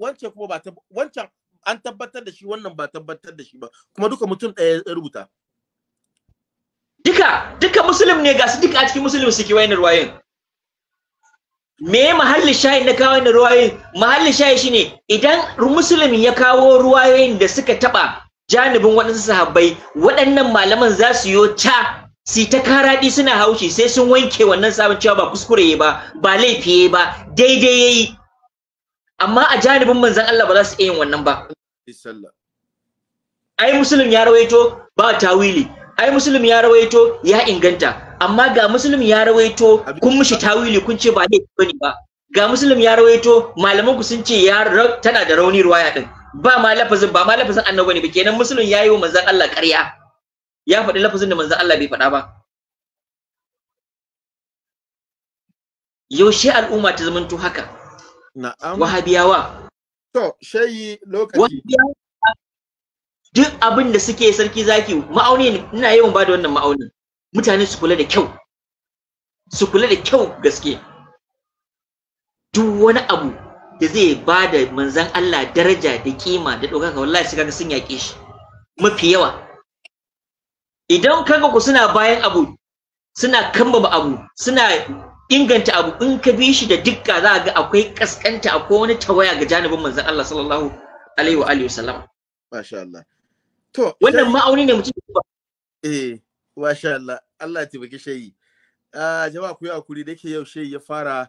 wancan kuma ba ta wancan an tabbatar da shi wannan ba tabbatar da shi ba kuma duka mutum ɗaya ya rubuta duka duka musulun ne ga su duka a cikin musulun suke wayan ruwayin me mahallin shayin na kawo da ruwayoyin mahallin shayi shine idan musulun ya kawo ruwayoyin da suka taba janibin waɗansu sahabbai waɗannan malaman za su yo ta si ta karaɗi suna haushi sai sun wanke wannan sabon cewa ba kuskure ba ba laifi ba daidai yayi amma a janibin manzon Allah ba za su iya yin wannan ba ai musulun ya rawaito ba tawili ai musulun ya rawaito ya inganta amma ga musulun ya rawaito kun mishi tawili kun ce ba ne bane ba ga musulun ya rawaito malaman ku sun ce ya tana da rauni ruwaya din ba ma lafazin ba ma lafazin annabi ne ba kenan musulun ya yi wa manzon Allah ƙarya ya faɗi lafazin da manzon Allah bai faɗa ba yaushe al'umma ta zamanto haka Na'am. Wahabiyawa. To, shayi lokaci. Duk abin da suke sarki zaki ma'auni ina yawan bada wannan ma'auni. Mutane su kula da kyau. Su kula da kyau gaske. Duk wani abu da zai ba da manzan Allah daraja da kima da ɗaukaka wallahi sai kaga sun yaƙe shi mafi yawa idan kaga ku suna bayan abu suna kambama abu suna inganta abu in ka bi shi da dukka za ga akwai kaskanta akwai wani tawaya ga janibin manzon Allah sallallahu alaihi wa alihi wasallam masha Allah to wannan ma'auni ne mutum eh masha Allah Allah ya tabbaki shayi uh, jama'a ku yi hakuri da yake yau shayi ya fara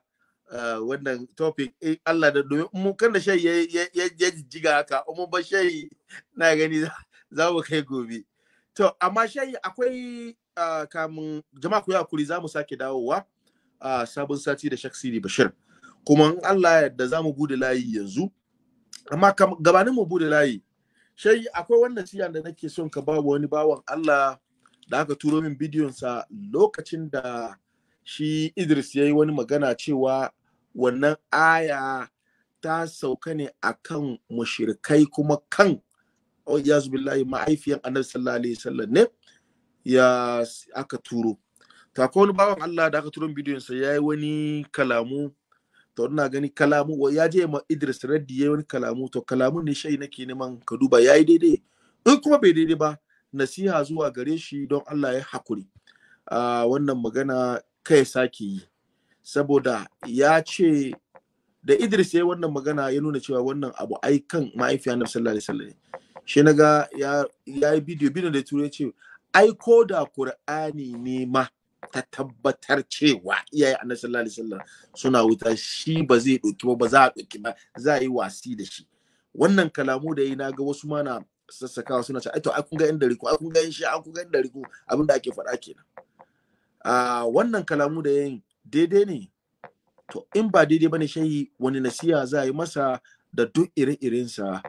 uh, wannan topic eh, Allah da domin mun kan da shayi ya ya jijjiga haka mun ba shayi na gani za mu kai gobe to amma shayi akwai uh, kamun jama'a ku yi hakuri za mu sake dawowa a sabon sati da shaksiri bashir kuma in allah yadda za mu bude layi yanzu amma gabanin mu bude layi shai akwai wannan siya da nake son ka ba wani bawan allah da aka turo min bidiyonsa lokacin da shi idris ya yi wani magana cewa wannan aya ta sauka ne akan mushrikai kuma kan ya zubillahi ma'aifiyan annabi sallallahu alaihi wasallam ne ya aka turo ta ko wani bawan Allah da aka turo bidiyon sa yayi wani kalamu to ina gani kalamu ya je ma Idris Raddi yayi wani kalamu to kalamun ne shai nake neman ka duba yayi daidai in kuma bai daidai ba nasiha zuwa gare shi don Allah ya hakuri a wannan magana kai sake yi saboda ya ce da Idris yayi wannan magana ya nuna cewa wannan abu ai kan mahaifiya Annabi sallallahu alaihi wasallam shi naga ya yi bidiyo bidiyo da ya turo ya ce ai ko da Qur'ani ne ma ta tabbatar cewa iyaye annabi sallallahu alaihi wasallam suna wuta shi ba zai ɗauki ba ba za a doki ba za a yi wasi da shi wannan kalamu da yi na ga wasu mana sassakawa suna ce ai to kun ga yan dariko ai kun ga yan sha ai kun ga yan dariko abin da ake faɗa kenan a wannan kalamu da yin daidai ne to in ba daidai bane shayi wani nasiha za a yi masa da duk ire-irensa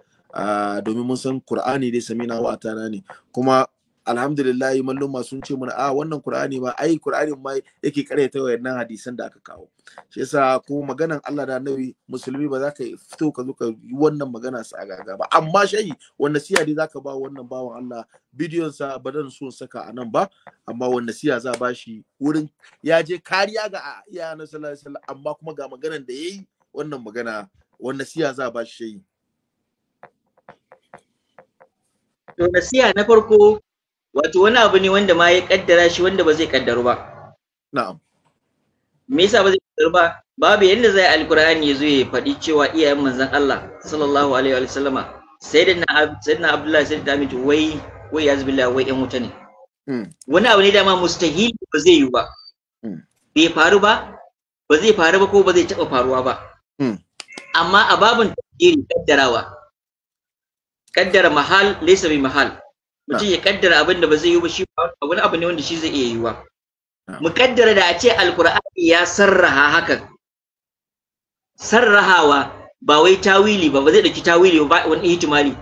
domin mun san Qur'ani dai samina wa atana ne kuma alhamdulillah malluma sun ce mana a ah, wannan Kur'ani ma ai kurani ma yake karyata wayannan hadisan da aka kawo shi yasa ko maganan Allah da Annabi musulmi ba za ka fito ka zo ka yi wannan magana sa agaga ba amma shayi wanda siya dai zaka ba wannan bawan Allah bidiyon sa ba dan so saka a nan ba amma wanda siya za ba shi wurin ya je kariya ga ya na sallallahu alaihi amma kuma ga maganan da yayi wannan magana wanda siya za ba shi shayi to nasiya na farko Wato wani abu ne wanda ma ya kaddara shi wanda ba zai kaddaru ba. Na'am. Me yasa ba zai kaddaru ba? Babu yadda zai Alkur'ani ya zo ya faɗi cewa iyayen manzon Allah sallallahu alaihi wa sallama sayyidina sayyidina Abdullahi sayyidina Aminu wai wai yazbillah wai yan wuta ne. Hmm. Wani abu ne dama mustahil ba zai yi ba. Hmm. Bai faru ba, ba zai faru ba ko ba zai taɓa faruwa ba. Hmm. Amma a babin tafsiri kaddarawa. Kaddara mahal laysa bi mahal. mutum ya kaddara abin da ba zai yi ba shi ba wani abu ne wanda shi zai iya yi wa mu kaddara da a ce alkur'ani ya sarraha haka sarrahawa ba wai tawili ba ba zai dauki tawili ba wani ihtimali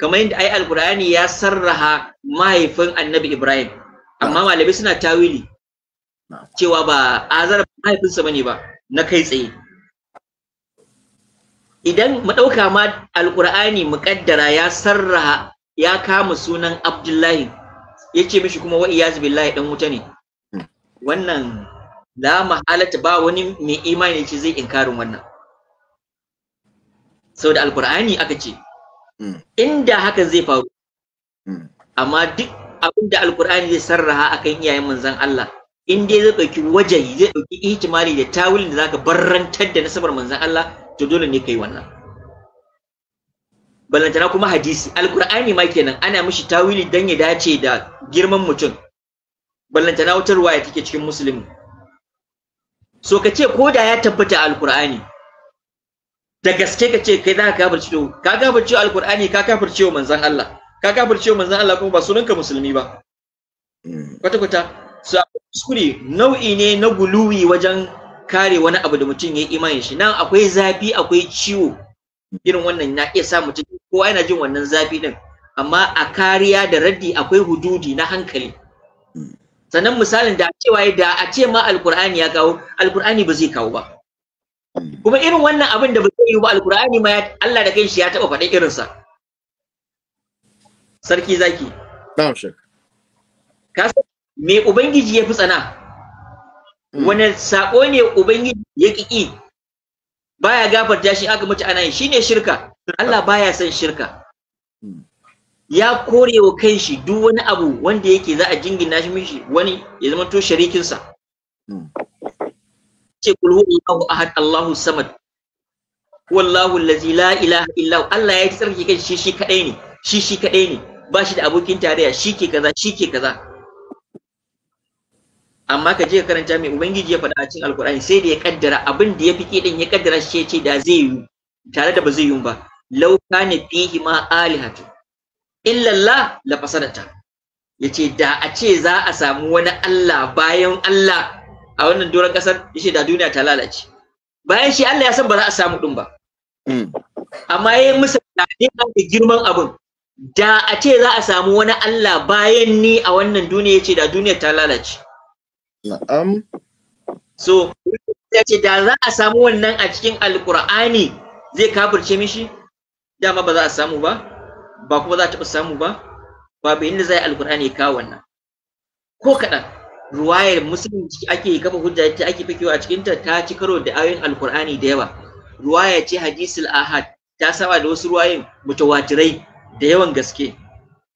kamar yadda ai alkur'ani ya sarraha mahaifin annabi ibrahim amma malamai suna tawili cewa ba azar mahaifinsa bane ba na kai tsaye idan mu ɗauka ma alkur'ani muƙaddara ya sarraha ya kama sunan Abdullahi ya ce mishi kuma ya billahi dan wuta ne hmm. wannan la mahalata ba wani mai imani ce zai inkarin wannan sau da alkur'ani aka ce hmm. inda haka zai faru hmm. amma duk abin da alkur'ani zai sarraha akan iyayen manzan Allah in dai zai ɗauki wajahi zai ɗauki ihtimali da tawilin da zaka barrantar da nasabar manzan Allah to dole ne ka yi wannan balantana kuma hadisi alkur'ani ma kenan ana mishi tawili dan ya dace da girman mutum ballantana wata ruwaya take cikin musulmi so ka ce ko da ya tabbata alkur'ani da gaske ka ce kai za ka kafirce to ka kafirce alkur'ani ka kafirce wa manzon Allah ka kafirce wa manzon Allah kuma ba sunanka musulmi ba kwata kwata so kuskure nau'i ne na guluwi wajen kare wani abu da mutum ya yi imanin shi nan akwai zafi akwai ciwo irin wannan na iya sa mutum kowa yana jin wannan zafi din amma a kariya da raddi akwai hududi na hankali hmm. sannan misalin da cewa da a ce ma alkur'ani ya kawo alkur'ani ba zai kawo ba hmm. kuma irin wannan abin da ba zai yi ba alkur'ani ma Allah da kanshi ya taba faɗa irinsa sarki zaki na'am shek ka me ubangiji ya fi tsana hmm. wani sako ne ubangiji ya ƙiƙi baya gafarta shi aka mutu ana yi shine shirka Allah baya son shirka hmm. ya korewa wa shi duk wani abu wanda yake za a jingina shi mishi wani ya zama to sharikin sa hmm. ce kul Allahu ahad Allahu samad wallahu allazi la ilaha illa Allah ya tsarki kanshi shi shi kadai ne shi shi kadai ne ba shi da abokin tarayya shi ke kaza shi ke kaza amma ka je ka karanta mai ubangiji ya faɗa a cikin alkur'ani sai da ya kaddara abin da ya fi kiɗin ya kaddara shi ce da zai yi tare da ba zai yi ba law kana fihi ma alihatu illa Allah la fasadata yace da a ce za a samu wani Allah bayan Allah a wannan doron kasar yace da duniya ta lalace bayan shi Allah ya san ba za a samu din ba hmm. amma yayin musu da girman abin da a ce za a samu wani Allah bayan ni a wannan duniya yace da duniya ta lalace Na'am. So, ya ce da za a samu wannan a cikin alkur'ani zai kafirce mishi dama ba za a samu ba ba kuma za a taɓa samu ba Ba bai inda zai Alƙur'ani ya kawo wannan ko kaɗan ruwayar musulunci ake kafa hujja ta ake fakewa a cikinta ta ci karo da ayoyin alkur'ani da yawa ruwaya ce hadisul ahad ta saba da wasu ruwayoyin mutawatirai da yawan gaske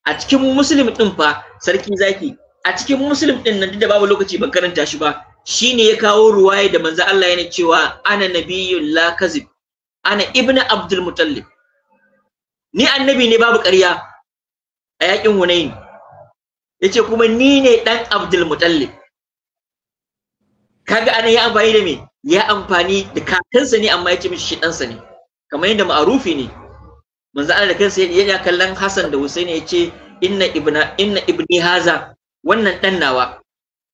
a cikin musulmi ɗin fa sarki zaki a cikin muslim din nan da babu lokaci ban karanta shi ba shine ya kawo ruwaya da manzo Allah yana cewa ana nabiyyul la kazib ana ibnu abdul mutallib ni annabi ne babu ƙarya a yakin hunain yace kuma ni ne dan abdul mutallib kaga ana ya amfani da me ya amfani da kakansa ne amma yace mishi shi dansa ne kamar yadda ma'arufi ne manzo Allah da kansa ya kallon Hassan da Hussein yace inna ibna inna ibni haza wannan ɗan nawa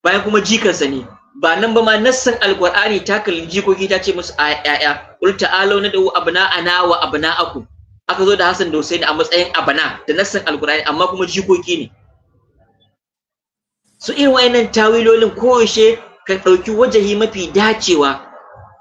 bayan kuma jikansa ne ba nan ba ma nassan alqur'ani ta kalli jikoki ta ce musu ayaya na ta'alu abna ana wa aku. aka zo da Hassan da Hussein a matsayin abana da nassan alqur'ani amma kuma jikoki ne su irin wayannan tawilolin koyaushe ka ɗauki wajahi mafi dacewa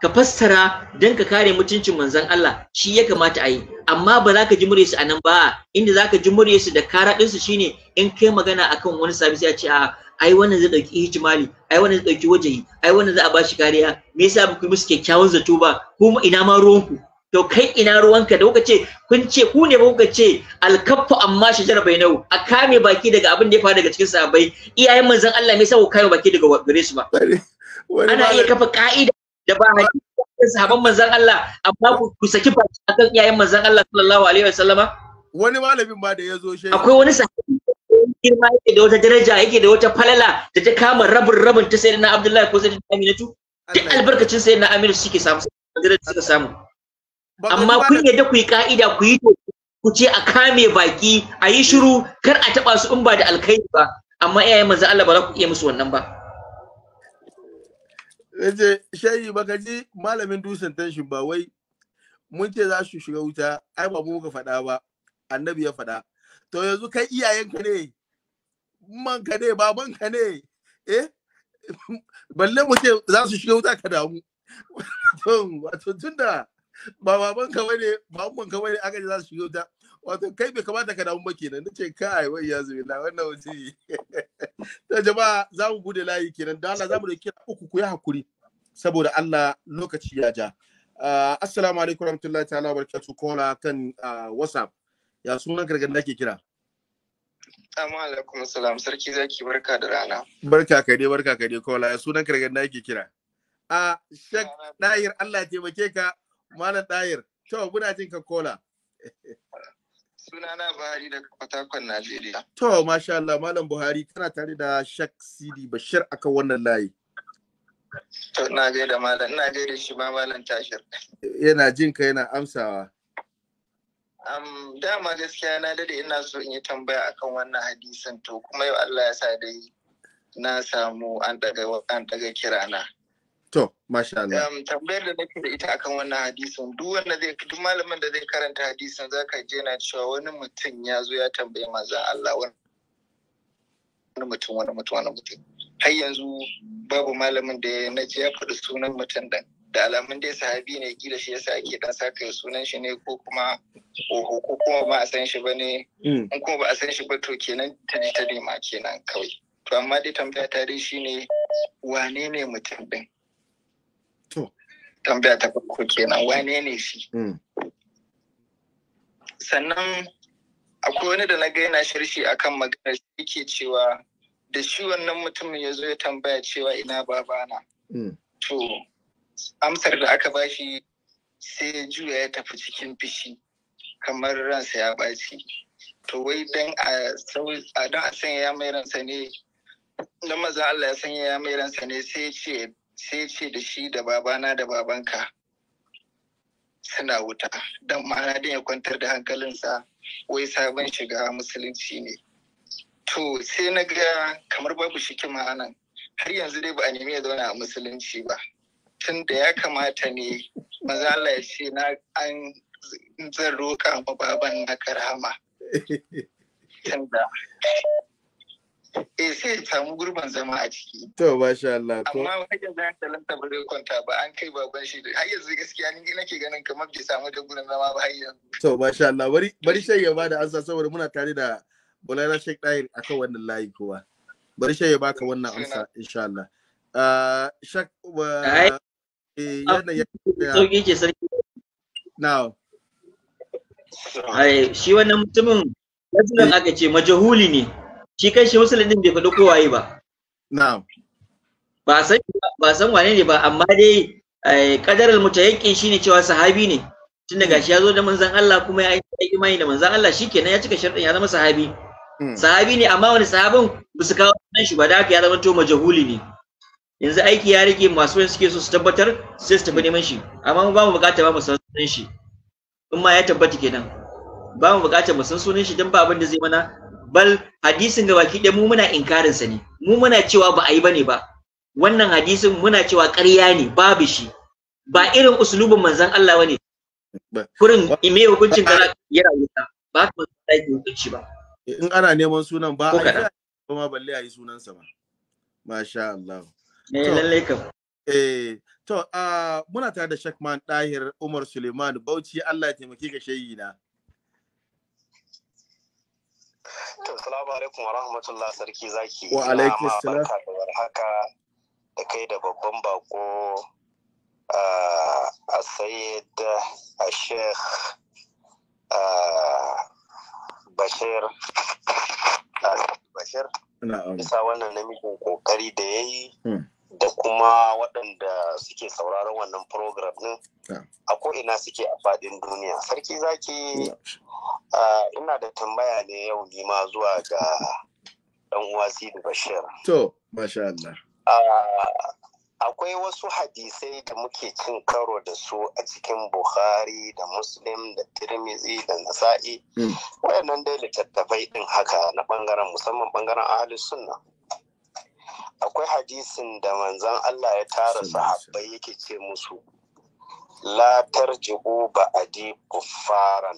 ka fassara don ka kare mutuncin manzon Allah shi ya kamata a yi amma ba za ka ji su a nan ba inda za ka ji su da kara karaɗinsu shine in kai magana akan wani sabis ya ce a ai wannan zai ɗauki hijimali ai wannan zai ɗauki wajahi ai wannan za a bashi kariya me yasa ba ku yi musu kyakkyawan zato ba kuma ina ma ruwanku to kai ina ruwanka da kuka ce kun ce ku ne ba kuka ce alkaffu amma shajara bai nau a kame baki daga abin da ya faru daga cikin sahabbai iyayen manzon Allah me yasa ku kame baki daga gare su ba ana iya kafa ka'ida da ba sahaban manzon Allah amma ku saki baki akan iyayen manzon Allah sallallahu alaihi wasallama wani malamin ba da ya shi akwai wani sahabi girma yake da wata daraja yake da wata falala da ta kama rabin rabin ta sai na Abdullahi ko sai na Aminatu duk albarkacin sai na Aminatu suke samu daraja suka samu amma kun yadda ku yi ka'ida ku yi to ku ce a kame baki a yi shiru kar a taba su in ba da alkhairi ba amma iyayen manzon Allah ba za ku iya musu wannan ba yace shayi baka ji malamin dusan tanshin ba wai mun ce za su shiga wuta ai ba mu muka faɗa ba annabi ya faɗa to yanzu kai iyayenka ne ka ne babanka ne eh balle mu ce za su shiga wuta ka damu [LAUGHS] wato tunda ba babanka bane ba ka bane aka ce za su shiga wuta wato kai bai kamata ka damu ba kenan nace kai wai ya zubi na, wannan waje [LAUGHS] to jama'a za mu bude layi kenan da Allah za mu da kira uku ku yi hakuri saboda Allah lokaci ya ja ah, assalamu alaikum warahmatullahi ta'ala barakatuh kola kan ah, whatsapp ya sunan gargan da ke kira Assalamu alaikum salam sarki zaki barka da rana barka kai dai barka kai dai kola ya sunan gargan da ke kira a ah, shek dahir Allah ya taimake ka malam dahir to muna jin ka kola [LAUGHS] sunana Buhari daga Fatakon Najeriya. To masha Allah Malam Buhari kana tare da Shak Sidi Bashir kan wannan layi. To na je da malam ina je da shi ma malam Tashir. Yana jin ka yana amsawa. Um, dama gaskiya na dade ina so in yi tambaya akan wannan hadisin to kuma yau Allah ya sa dai na samu an an daga kirana. To, masha Allah. Um, tambayar da nake da ita akan wannan hadisin, duk wanda zai duk malamin da zai karanta hadisin zaka je na cewa wani mutum ya zo ya tambayi manzon Allah wani mutum wani mutum wani mutum. Har yanzu babu malamin da na ji ya faɗi sunan mutum dan. Da alamun dai sahabi ne kila shi yasa ake dan saka sunan shi ne ko kuma oho ko kuma ba a san shi ba ne. Mm. In kuma ba a san shi ba to kenan ta ji ta nema kenan kawai. To amma dai tambaya ta dai shine wane ne mutum din? tambaya ta farko kenan wane ne shi hmm. sannan akwai wani da na ga yana a akan magana shi yake cewa da shi wannan mutumin ya zo ya tambaya cewa ina babana hmm. to amsar da aka bashi sai ya juya ya tafi cikin fishi kamar ransa ya ɓaci to wai don a sanya ya mai ransa ne don maza Allah ya sanya ya mai ransa ne sai ya ce sai ce da shi da babana da babanka suna wuta don ma'ana da ya kwantar da hankalinsa wai sabon shiga musulunci ne to sai na ga kamar babu shiki anan har yanzu dai ba a nemi ya zauna a musulunci ba tun da ya kamata ne maza Allah ya ce na an zan roƙa ma baban na karama [LAUGHS] E, sai ya samu gurbin zama a ciki. To masha Allah. Amma wajen za ta lanta ba zai kwanta ba an kai baban shi da har yanzu gaskiya ni nake ganin kamar bai samu da gurbin zama ba har yanzu. To masha Allah bari bari shan ya bada ansa saboda muna tare da Bulana Sheikh Dahir akan wannan layi kowa. Bari shan ya baka wannan amsa insha Allah. Ah, shak uh, eh, yana ke sarki now ai shi wannan mutumin wajen aka ce majahuli ne shi kan shi musulun din bai faɗi waye ba na'am ba san ba san wane ne ba amma dai kadarul eh, mutayaqin shine cewa sahabi ne tun daga shi ya zo da manzon Allah kuma ya yi imani da manzon Allah shikenan ya cika sharɗin ya zama sahabi hmm. sahabi ne amma wani sahabin ba su kawo nan shi ba da haka ya zama to majahuli ne yanzu aiki ya rike masu wani suke so su tabbatar sai su tafi neman shi amma ba mu bukata ba mu san sunan shi in ma ya tabbata kenan ba mu bukata mu san sunan shi dan ba abin da zai mana bal hadisin ga baki ɗaya mu muna inkarin sa ne mu muna cewa ba a yi bane ba wannan hadisin muna cewa ƙarya ne babu shi ba irin usulubin manzon Allah bane kurin ime hukuncin kaza yana wuta ba ka sake hukunci ba in ana neman sunan ba a yi kuma balle a yi sunan sa ba masha Allah eh lalle kam eh to ah, muna tare da Man Dahir Umar Suleiman Bauchi Allah ya taimake ka shayi na To, salamu alaikum wa rahmatullah sarki zaki. Wa alaikum salam. Barka da warhaka da kai da babban bako ah, a Sayyid a Sheikh ah, Bashir. Ah, Bashir. Bisa wannan namijin kokari da ya yi. Hmm. da kuma waɗanda suke sauraron wannan program ɗin a ko'ina suke a faɗin duniya sarki zaki ina da tambaya ne yau nima zuwa ga ɗan wasi da bashir to masha Allah akwai wasu hadisai da muke cin karo da su a cikin buhari da muslim da tirmizi da nasa'i hmm. wayannan dai littattafai din haka na ɓangaren musamman bangaren ahalus sunna akwai hadisin da manzan Allah ya tara sahabbai yake ce musu la tarji'u ba'adi kuffaran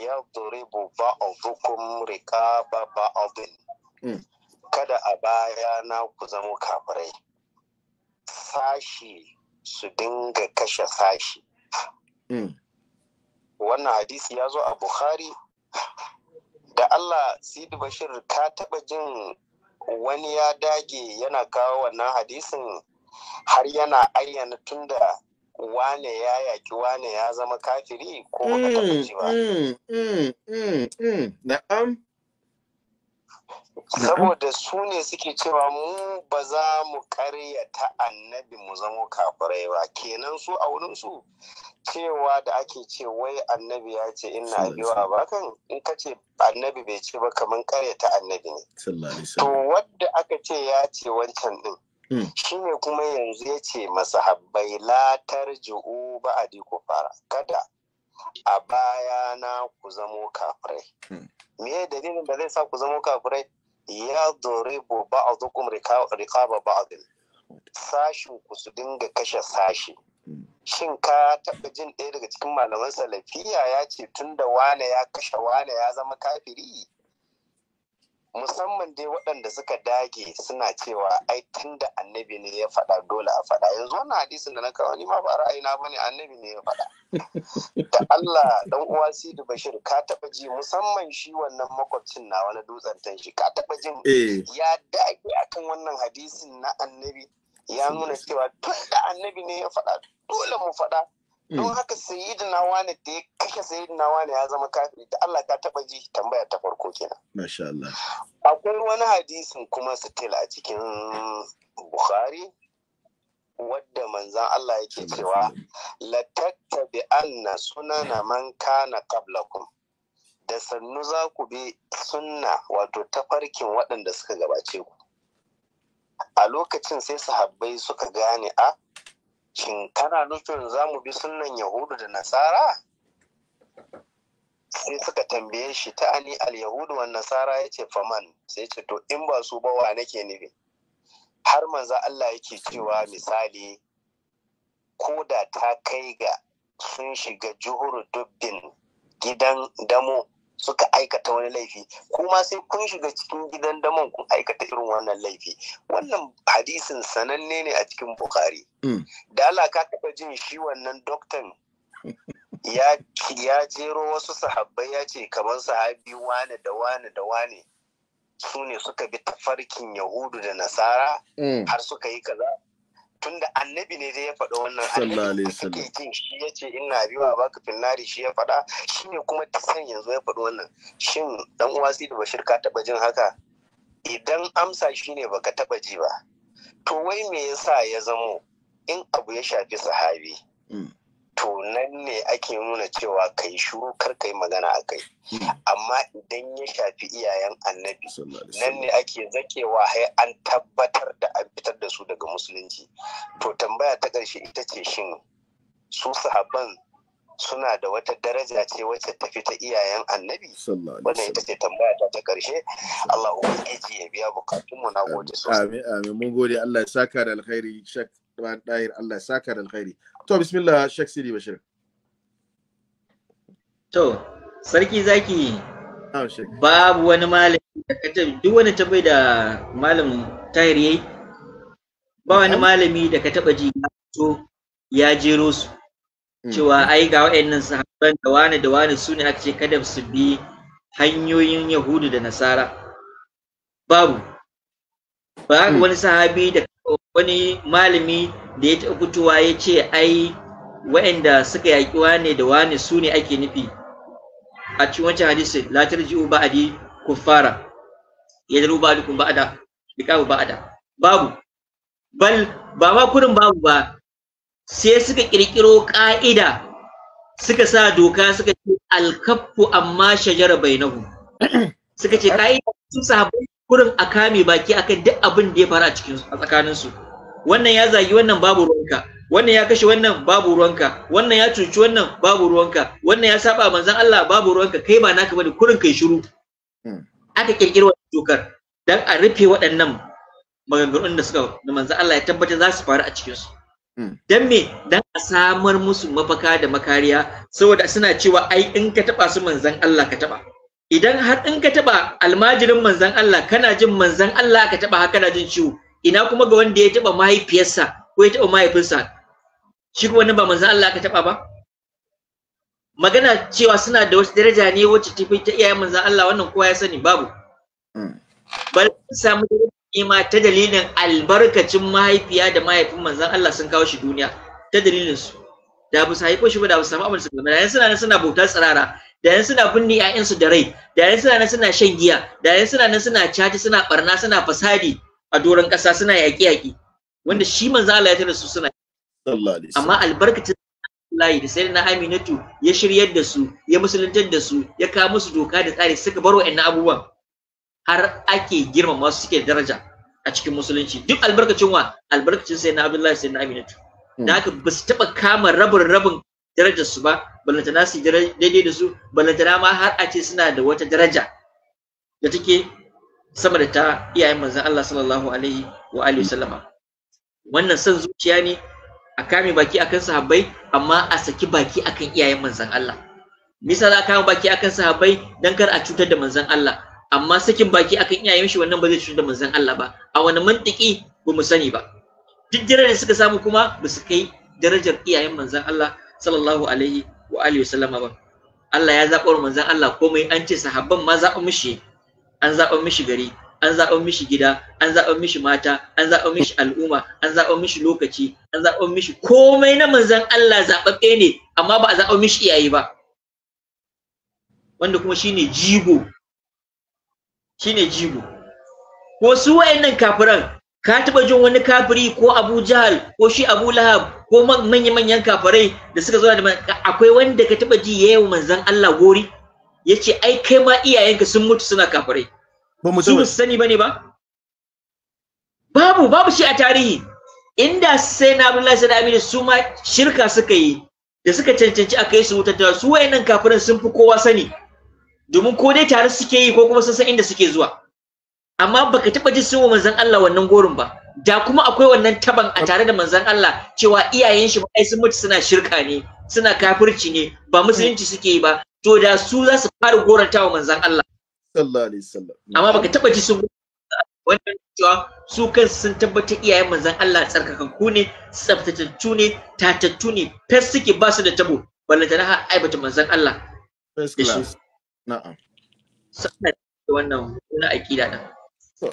yadribu ba'dukum riqaba ba'din hmm. kada a baya na ku zama kafirai sashi su dinga kashe sashi hmm. wannan hadisi ya zo a bukhari da Allah Sidi Bashir ka taba jin wani ya dage yana kawo wannan hadisin har yana ayyana tunda wane ya yaki wane ya zama kafiri ko wani ba. Mm, mm, mm, Na'am. saboda su ne suke cewa mu ba za mu karya ta annabi mu zamo kafirai ba kenan su a wurin su cewa da ake ce wai annabi ya ce ina biwa ba kan in ka ce annabi bai ce ba kamar ta annabi ne to wadda aka ce ya ce wancan din hmm. shi ne kuma yanzu ya ce masahabbai latar ju'u ba a fara kada a baya na ku zamo kafirai hmm. me dalilin da zai sa ku zama kafirai ya doribu ba'dukum riqaba ba'din sashin ku su dinga kashe sashi shin ka taɓa jin ɗaya daga cikin malaman salafiya ya ce tunda da wane ya kashe wane ya zama kafiri musamman dai waɗanda suka dage suna cewa ai tun da annabi ne ya faɗa dole a faɗa yanzu wannan hadisin da na kawo ni ma ba ra'ayina ba ne annabi ne ya faɗa [LAUGHS] da Allah dan uwa Sidi Bashir ka taɓa ji musamman shi wannan makwabcin na wani dutsen shi ka taɓa jin eh. ya dage akan wannan hadisin na annabi ya nuna cewa tun da annabi ne ya faɗa dole mu faɗa don mm. haka na wani da ya kashe na wani ya zama kafiri da Allah ka taba ji tambaya ta farko kenan masha Allah akwai wani hadisin kuma sitil a cikin Bukhari wadda manzan Allah yake cewa latattabi anna sunana man kana qablakum da sannu za ku bi sunna wato tafarkin waɗanda suka gabace ku a lokacin sai sahabbai suka gane a ah, shin kana nufin za mu bi sunnan yahudu da nasara sai suka tambaye shi ta ani al-yahudu wa nasara ya ce faman sai ce to in ba su bawa wa nake nufi har manza Allah yake cewa misali ko da ta kai ga sun shiga juhuru dubbin gidan damo suka aikata wani laifi kuma sai kun shiga cikin gidan daman kun aikata irin wannan laifi wannan hadisin sananne ne a cikin bukari mm. da Allah ka taba jin shi wannan doktan [LAUGHS] ya jero wasu sahabbai ya ce kamar sahabi wane da wane da wane su suka bi tafarkin yahudu da nasara mm. har suka yi kaza tunda annabi ne zai ya faɗa wannan annabi suke jin shi ya ce ina biwa baka finnari shi ya faɗa shi ne kuma ta san yanzu ya faɗa wannan shin dan uwa da bashir ka taɓa jin haka idan amsa shi ne baka taɓa ji ba to wai me yasa ya zamo in abu ya shafi sahabi mm. to nan ne ake nuna cewa kai shuru kar yi magana a kai hmm. amma idan ya shafi iyayen annabi nan ne ake zakewa har an tabbatar da an fitar da su daga musulunci to tambaya ta ƙarshe ita ce shin su sahabban suna da wata daraja ce wacce ta fi ta iyayen annabi wanda ita ce tambaya ta ta ƙarshe Allah ubangiji ya biya bukatunmu na gode sosai amin amin mun gode Allah ya saka da alkhairi shak Allah ya saka da alkhairi to bismillah shek sidi bashir to sarki zaki babu wani malami da duk wani tabai da malamin tahir yayi ba wani malami da ka taba ji to ya jero su hmm. cewa ai ga su haban da wani da wani su ne aka ce kada su bi hanyoyin yahudu da nasara babu ba hmm. wani sahabi da wani malami da ya taɓa fitowa ya ce ai wa'anda suka yaƙi wane da wane su ne ake nufi a cikin wancan hadisi la tarji'u ba'adi kuffara yadru ba'dukum ba'ada a ba'ada babu bal ba ma kurin babu ba sai suka kirkiro ka'ida suka sa doka suka ce alkaffu amma shajara bainahu [CLEARS THROAT] suka ce ka'ida sun sahabbai kurin a kame baki akan duk abin da ya faru a cikin a tsakanin su wannan ya zagi wannan babu ruwanka wannan ya kashe wannan babu ruwanka wannan ya cuci wannan babu ruwanka wannan ya saba manzon Allah babu ruwanka kai ba naka bane kurin kai shiru hmm. aka kirkiri wannan dokar dan a rufe waɗannan maganganun da suka da manzon Allah ya tabbata za su faru a cikin su hmm. dan me dan a samar musu mafaka da makariya saboda suna cewa ai in ka taba su manzon Allah ka taba idan har in ka taba almajirin manzan Allah kana jin manzan Allah ka taba haka kana jin ciwo ina kuma ga wanda ya taba mahaifiyarsa ko ya taba mahaifinsa shi kuma wannan ba manzan Allah ka taba ba magana cewa suna da wasu daraja ne wacce ta fi ta iyayen manzan Allah wannan kowa ya sani babu hmm. bal samu ima ta dalilin albarkacin mahaifiya da mahaifin manzan Allah sun kawo shi duniya ta dalilin su da bu sa haifo shi ba da bu samu abin su ba da suna suna bautar tsirara da yan suna binne 'ya'yansu da rai da yan suna nan suna shan giya da yan suna nan suna caci suna barna suna fasadi a doron ƙasa suna yaƙi-yaƙi wanda shi manzo Allah ya tana su suna amma albarkacin Allah da sai na Aminatu ya shiryar da su ya musuluntar da su ya kawo musu doka da tsari suka bar wa'annan abubuwan har ake girmama masu suke daraja a cikin musulunci duk albarkacin wa albarkacin sai na Abdullahi sai na Aminatu hmm. da haka ba su taɓa kama rabin rabin darajar su ba ballantana su daidai da su ballantana ma har a ce suna da wata daraja da take sama da ta iyayen manzon Allah sallallahu alaihi wa alihi sallama wannan son zuciya ne a kame baki akan sahabbai amma a saki baki akan iyayen manzon Allah misal a kame baki akan sahabbai dan kar a cutar da manzon Allah amma sakin baki akan iyayen shi wannan ba zai cutar da manzon Allah ba a wani mantiki ba mu sani ba duk jiran da suka samu kuma ba su kai darajar iyayen manzon Allah sallallahu alaihi wa alihi sallama ba Allah ya zaɓa wa manzon Allah komai an ce sahabban ma zaɓa mishi an zaɓa mishi gari an zaɓa mishi gida an zaɓa mishi mata an zaɓa mishi al'umma an zaɓa mishi lokaci an zaɓa mishi komai na manzon Allah zaɓaɓɓe ne amma ba a zaɓa mishi iyaye ba wanda kuma shine jigo shine jigo ko su wayannan kafiran ka taɓa jin wani kafiri ko abu jahal ko shi abu lahab ko manya-manyan kafirai da suka zo da akwai wanda ka taɓa ji ya yi manzan Allah gori ya ce ai kai ma iyayenka sun mutu suna kafirai ba mu sani ba ne ba babu babu shi a tarihi inda sai na abdullahi sai da aminu su ma shirka suka yi da suka cancanci a kai su wutar su wayannan kafirin sun fi kowa sani domin ko dai tare suke yi ko kuma sun san inda suke zuwa amma baka taba ji sunan manzon Allah wannan gorin ba da kuma akwai wannan taban a tare da manzon Allah cewa iyayen shi ai sun mutu suna shirka ne suna kafirci ne ba musulunci suke yi ba to da su za su fara gorantawa manzon Allah sallallahu alaihi wasallam amma baka taba ji sun wannan cewa su kansu sun tabbatar iyayen manzon Allah tsarkakanku ne tsaftatattu ne tatattu ne fes suke ba su da tabo ballanta na aibata manzan Allah na'am sannan wannan wani aƙida ɗin So,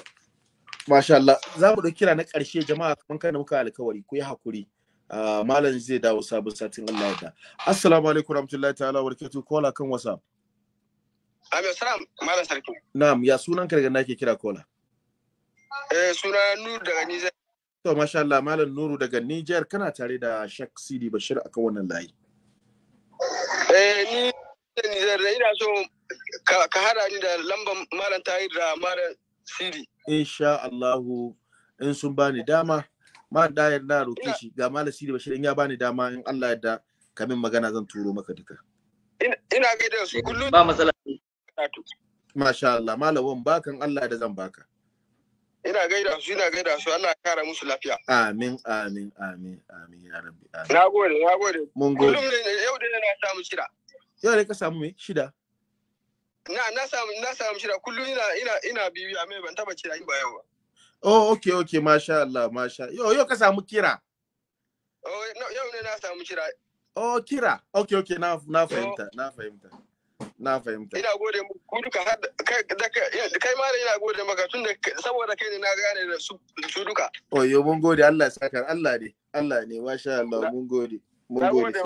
Masha Allah, za mu ɗauki kira na ƙarshe jama'a kamar kan muka alkawari ku yi hakuri. Ah, malam zai dawo sabon satin Allah ya Assalamu alaikum warahmatullahi ta'ala wa barakatuh. Kola kan WhatsApp. Abi salam Malam Sarki. Na'am, ya sunan ka daga nake kira Kola? Eh, sunan Nur daga Niger. To masha Allah, Malam Nuru daga Niger kana tare da Sheikh Sidi Bashir akan wannan layi. Eh, ni Niger ina so ka hada ni da lambar Malam Tahir da Malam insha Allahu in sun bani dama ma da na roke shi ga malam siri bashir in ya bani dama in Allah ya da kamin magana zan turo maka duka ina gaida su kullum ba matsala masha Allah malawan bakan Allah da zan baka ina gaida su ina gaida su Allah ya kara musu lafiya amin amin amin amin ya rabbi amin nagode nagode mun gode kullum yau da na samu shida yau ne ka samu me shida na na samu na samu shira kullum ina ina ina bibiya mai ban taba kira ba yau oh okay okay masha Allah masha yo yo ka samu kira oh yau ne na samu kira oh kira okay okay na na oh. fahimta na fahimta na fahimta ina gode muku duka har kai ma ina gode maka tun da saboda kai ne na gane da su duka oh yo mun gode Allah ya saka Allah ne Allah ne masha Allah mun gode mun gode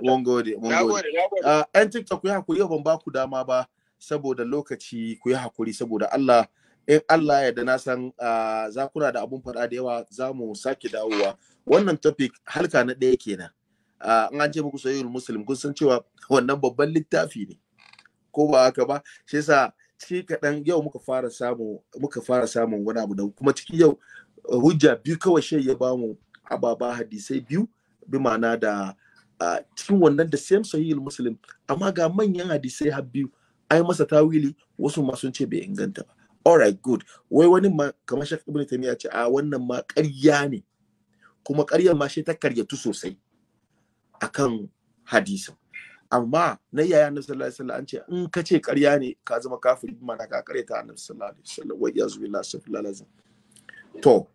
mun gode mun gode a ah, An tiktok ku yi ku ban ba ku dama ba saboda lokaci ku yi hakuri saboda Allah in Allah ya da na san za kuna da abun faɗa da yawa za mu sake dawowa wannan topic halka na ɗaya kenan in an ce muku sayyidul muslim kun san cewa wannan babban littafi ne ko ba haka ba shi yasa cikin kaɗan yau muka fara samu muka fara samun wani abu da kuma cikin yau hujja biyu kawai shai ya bamu ababa hadisai biyu bi ma'ana da cikin wannan da same sahihul muslim amma ga manyan hadisai har biyu ai masa tawili wasu ma sun ce bai inganta ba all right good wai wani ma kamar shakka ibn taymiya ce a wannan ma ƙarya ne kuma ƙaryar ma shi ta karyatu sosai akan hadisi amma na yaya annabi sallallahu alaihi wasallam an ce in ka ce ƙarya ne ka zama kafiri ma ka karyata annabi sallallahu alaihi wasallam wa yazu billahi sallallahu alaihi to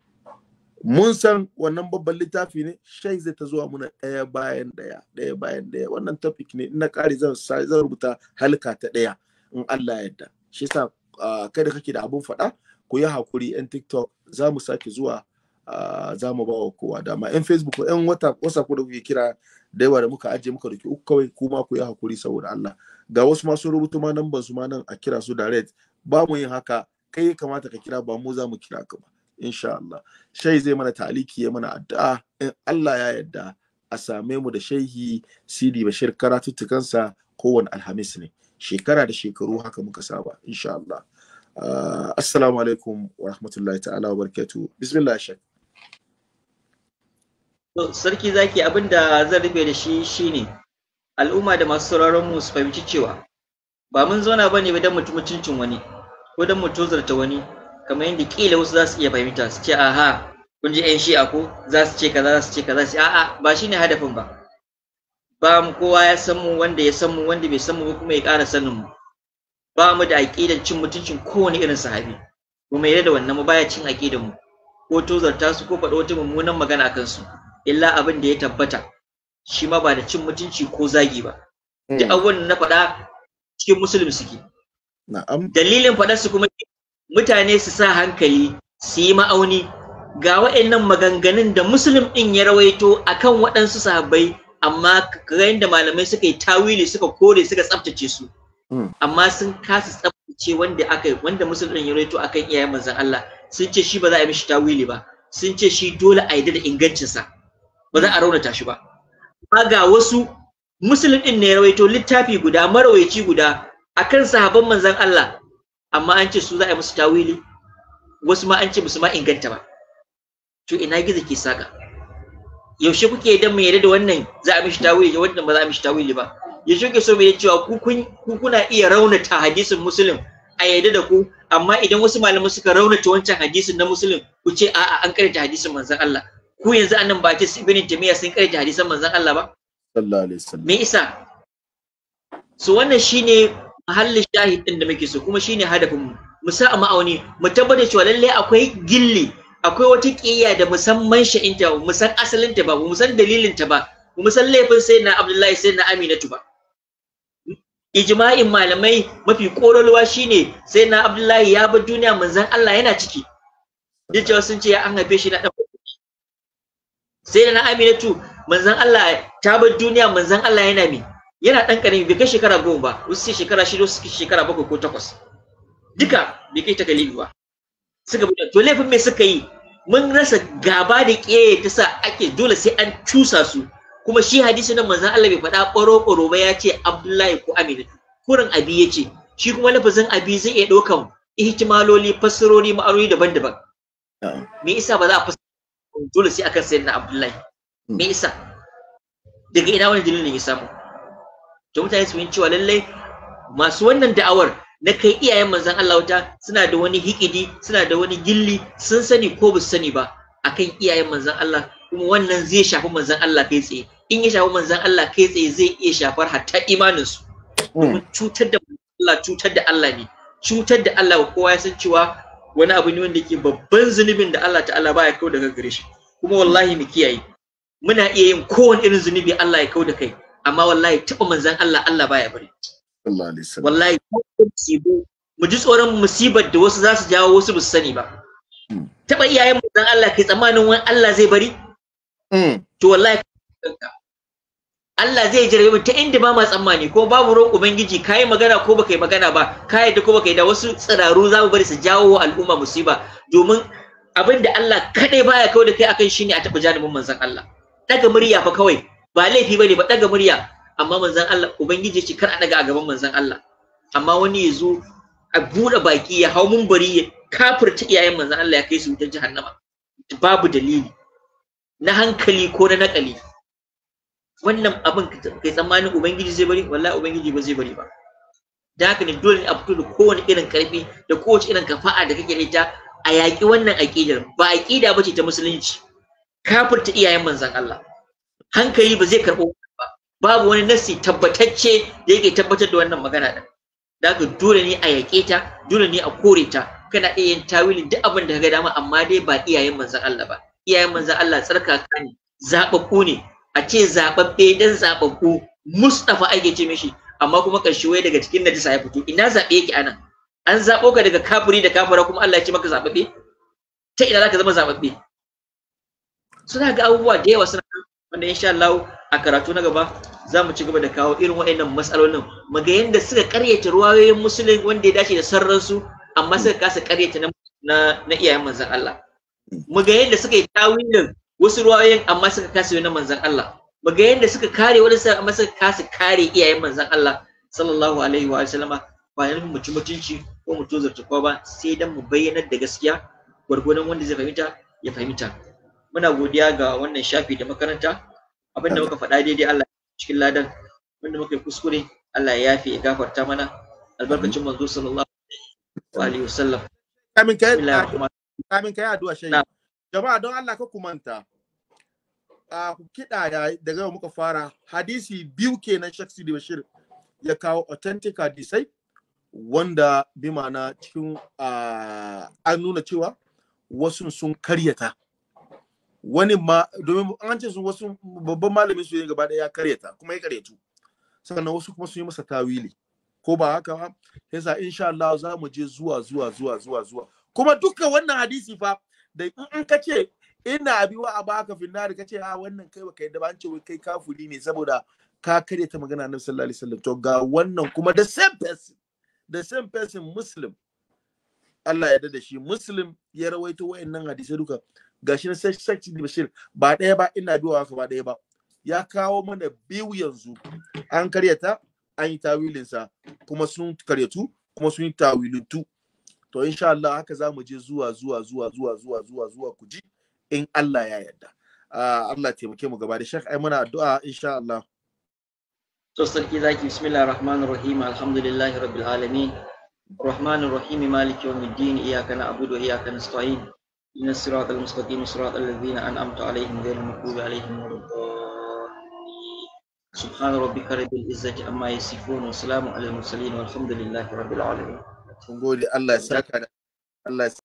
mun san wannan babban littafi ne shai zai ta zuwa muna ɗaya bayan ɗaya ɗaya bayan ɗaya wannan topic ne na ƙari zan rubuta halka ta ɗaya in Allah yadda shi yasa ah, kada kake da abun faɗa ku yi hakuri yan TikTok za mu sake zuwa ah, za mu ba kowa dama yan Facebook ko yan WhatsApp ko da kuke kira da yawa da muka ajiye muka roki uku kawai kuma ku yi hakuri saboda Allah ga wasu ma sun rubuta ma nan su ma nan a kira su direct ba mu yin haka kai ya kamata ka kira ba mu za mu kira ka ba insha Allah shai zai mana taliki ya mana addu'a in Allah ya yarda a same mu da shehi Sidi Bashir karatuttukansa kowane Alhamis ne shekara da shekaru haka muka saba insha Allah uh, assalamu alaikum wa rahmatullahi ta'ala wa barakatuh bismillah shek so, sarki zaki abinda zan rufe da shi shine al'umma da masu sauraron mu su fahimci cewa ba mun zauna bane ba dan mutuncin wani ko dan mu tozarta wani kamar yadda kila wasu za su iya fahimta su ce aha kun ji 'yan shi'a ko za su ce kaza za su ce kaza a'a ba shine hadafin ba ba mu kowa ya san mu wanda ya san mu wanda bai san mu kuma ya ƙara sanin mu ba mu da aƙidar cin mutuncin kowane irin sahabi Mu mai da wannan mu baya cin aƙidar mu ko tozarta su ko faɗo wata mummunan magana a kansu illa abin da ya tabbata shi ma ba da cin mutunci ko zagi ba duk hmm. abubuwan na faɗa cikin musulmi suke dalilin faɗar su kuma mutane su sa hankali su yi ma'auni ga wa'annan maganganun da musulmi ɗin ya rawaito akan waɗansu sahabbai amma kaga da malamai suka yi tawili suka kore suka tsaftace su hmm. amma sun kasa tsaftace wanda aka wanda musul din ya rawaito akan iyayen manzon Allah sun ce shi ba za a yi mishi tawili ba sun ce shi dole a yi da ingancinsa ba za a raunata shi ba amma ga wasu musulun din ne rawaito littafi guda marawaici guda akan sahabban manzon Allah amma an ce su za a yi musu tawili wasu ma an ce musu ma inganta ba to ina gizo ke saka yaushe kuke idan mai yarda da wannan za a mishi tawili wannan ba za a mishi tawili ba yaushe kuke so mai cewa ku kuna iya raunata hadisin muslim a yarda da ku amma idan wasu malamai suka raunata wancan hadisin na muslim ku ce a'a an karanta hadisin manzon Allah ku yanzu annan ba ce ibn jami'a sun karanta hadisan manzon Allah ba sallallahu alaihi wasallam me isa so wannan shine mahallin shahidin da muke so kuma shine hadafin mu mu sa ma'auni mu tabbatar cewa lalle akwai gilli akwai wata ƙiyya da musamman sha'inta ba musan asalinta ba musan dalilinta ba musan laifin sai na abdullahi sai na aminatu ba ijma'in malamai mafi ƙololuwa shine sai na abdullahi ya bar duniya manzan allah yana ciki duk sun ce ya an haife shi na ɗan sai na aminatu manzan allah ta bar duniya manzan allah yana mi yana ɗan ƙarami bai kai shekara goma ba wasu shekara shida wasu shekara bakwai ko takwas duka bai kai galibi ba suka fito to laifin me suka yi mun rasa gaba da ke ta sa ake dole sai an cusa su kuma shi hadisi na manzon Allah bai faɗa ƙoro-ƙoro ba ya ce Abdullahi ko Aminu kurin abi ya ce shi kuma lafazin abi zai iya ɗaukan ihtimaloli fassarori ma'anoni daban-daban me isa ba za a fassara dole sai akan na Abdullahi me hmm. isa daga ina wani dalilin ya samu to mutane su yin cewa lallai masu wannan da'awar na kai iyayen manzon Allah wuta suna da wani hikidi suna da wani gilli sun sani ko ba sani ba akan iyayen manzon Allah kuma wannan zai shafi manzon Allah kai tsaye in ya shafi manzon Allah kai tsaye zai iya shafar hatta imanin su hmm. domin cutar da Allah cutar da Allah ne cutar da Allah kowa ya san cewa wani abu ne wanda ke babban zunubin da Allah ta'ala baya kawo daga gare shi kuma wallahi mu kiyaye muna iya yin kowane irin zunubi Allah ya kawo da kai amma wallahi taba manzan Allah Allah baya bari wallahi mu ji tsoron musibar da wasu za su jawo wasu ba su sani ba hmm. taba iyayen mu Allah kai tsammanin wani Allah zai bari hmm. to wallahi Allah zai jarabe ta inda ba ma tsammani ko babu roƙon ubangiji kai magana ko baka yi magana ba kai da ko baka yi da wasu tsiraru za mu bari su jawo wa al'umma musiba domin abin da Allah kadai baya kawai da kai akan shine a taɓa janibin manzon Allah daga murya fa kawai ba laifi bane ba daga murya amma manzon Allah ubangiji ce kar a daga a gaban manzon Allah amma wani ya zo a buɗe baki ya hau mumbari ya kafirta iyayen manzon Allah ya kai su wutar jahannama babu dalili na hankali ko na nakali wannan abin kai tsammanin ubangiji zai bari wallahi ubangiji ba zai bari ba da haka ne dole ne a fito da kowane irin karfi da kowace irin kafa'a da kake da ita a yaƙi wannan aƙidar ba aƙida ba ce ta musulunci kafirta iyayen manzan Allah hankali ba zai karɓo babu wani nasi tabbatacce da yake tabbatar da wannan magana din da haka dole ne a yaƙe ta dole ne a kore ta kana iya yin tawilin duk abin da ka dama amma dai ba iyayen manzon Allah ba iyayen manzon Allah tsarkaka ne zaɓaɓɓu ne a ce zaɓaɓɓe dan zaɓaɓɓu Mustafa ake ce mishi amma kuma karshe wai daga cikin najisa ya fito ina zaɓe yake anan an zaɓo ka daga kafiri da kafara kuma Allah ya ce maka zaɓaɓɓe ta ina zaka zama zaɓaɓɓe suna ga abubuwa da yawa suna wanda insha Allah a karatu na gaba za mu ci gaba da kawo irin waɗannan matsalolin maga yadda suka karyata ruwayoyin musulun wanda ya dace da sarransu amma suka kasa karyata na iyayen manzan Allah maga yadda suka yi tawilin wasu ruwayoyin amma suka kasa yi na manzan Allah maga yadda suka kare wani amma suka kasa kare iyayen manzan Allah sallallahu alaihi wa sallama ba yana mu ci mutunci ko mu tozarta ko ba sai dan mu bayyanar da gaskiya gwargwadon wanda zai fahimta ya fahimta muna godiya ga wannan shafi da makaranta abin da muka faɗa daidai Allah cikin ladan wanda muka yi kuskure Allah ya yafe ya gafarta mana albarkacin manzo sallallahu alaihi wasallam kamin kai kamin kai addu'a shi jama'a don Allah ka kumanta a kiɗa daga yau muka fara hadisi biyu kenan Sheikh Sidi Bashir ya kawo authentic hadisai wanda bi ma'ana cikin an nuna cewa wasu sun karyata wani ma domin an ce su wasu babban malamin su ne gaba ɗaya ya karyata kuma ya karyatu sannan wasu kuma sun yi masa tawili ko ba haka ba yasa insha Allah za mu je zuwa zuwa zuwa zuwa zuwa kuma duka wannan hadisi fa da in ka ce ina abiwa a baka finnari ka ce a ah, wannan kai baka yadda ba an ce kai kafuri ne saboda ka karyata magana na sallallahu alaihi wasallam to ga wannan kuma the same person the same person muslim Allah ya da shi muslim ya rawaito wayannan hadisai duka gashi na sai sakci da bashir ba ɗaya ba ina biyo haka ba ɗaya ba ya kawo mana biyu yanzu an karyata an yi tawilinsa kuma sun karyatu kuma sun yi tawilintu to insha Allah haka za mu je zuwa zuwa zuwa zuwa zuwa zuwa zuwa ku in Allah ya yarda ah, Allah taimake mu gaba da shek ai muna addu'a insha Allah to sarki zaki bismillahir rahmanir rahim alhamdulillahi rabbil alamin rahmanir rahim maliki yawmiddin iyyaka na'budu wa iyyaka nasta'in إن الصراط المستقيم صراط الذين أنعمت عليهم غير المغضوب عليهم ولا الضالين سبحان ربك رب العزة عما يصفون وسلام على المرسلين والحمد لله رب العالمين. الله يسلمك الله يسلمك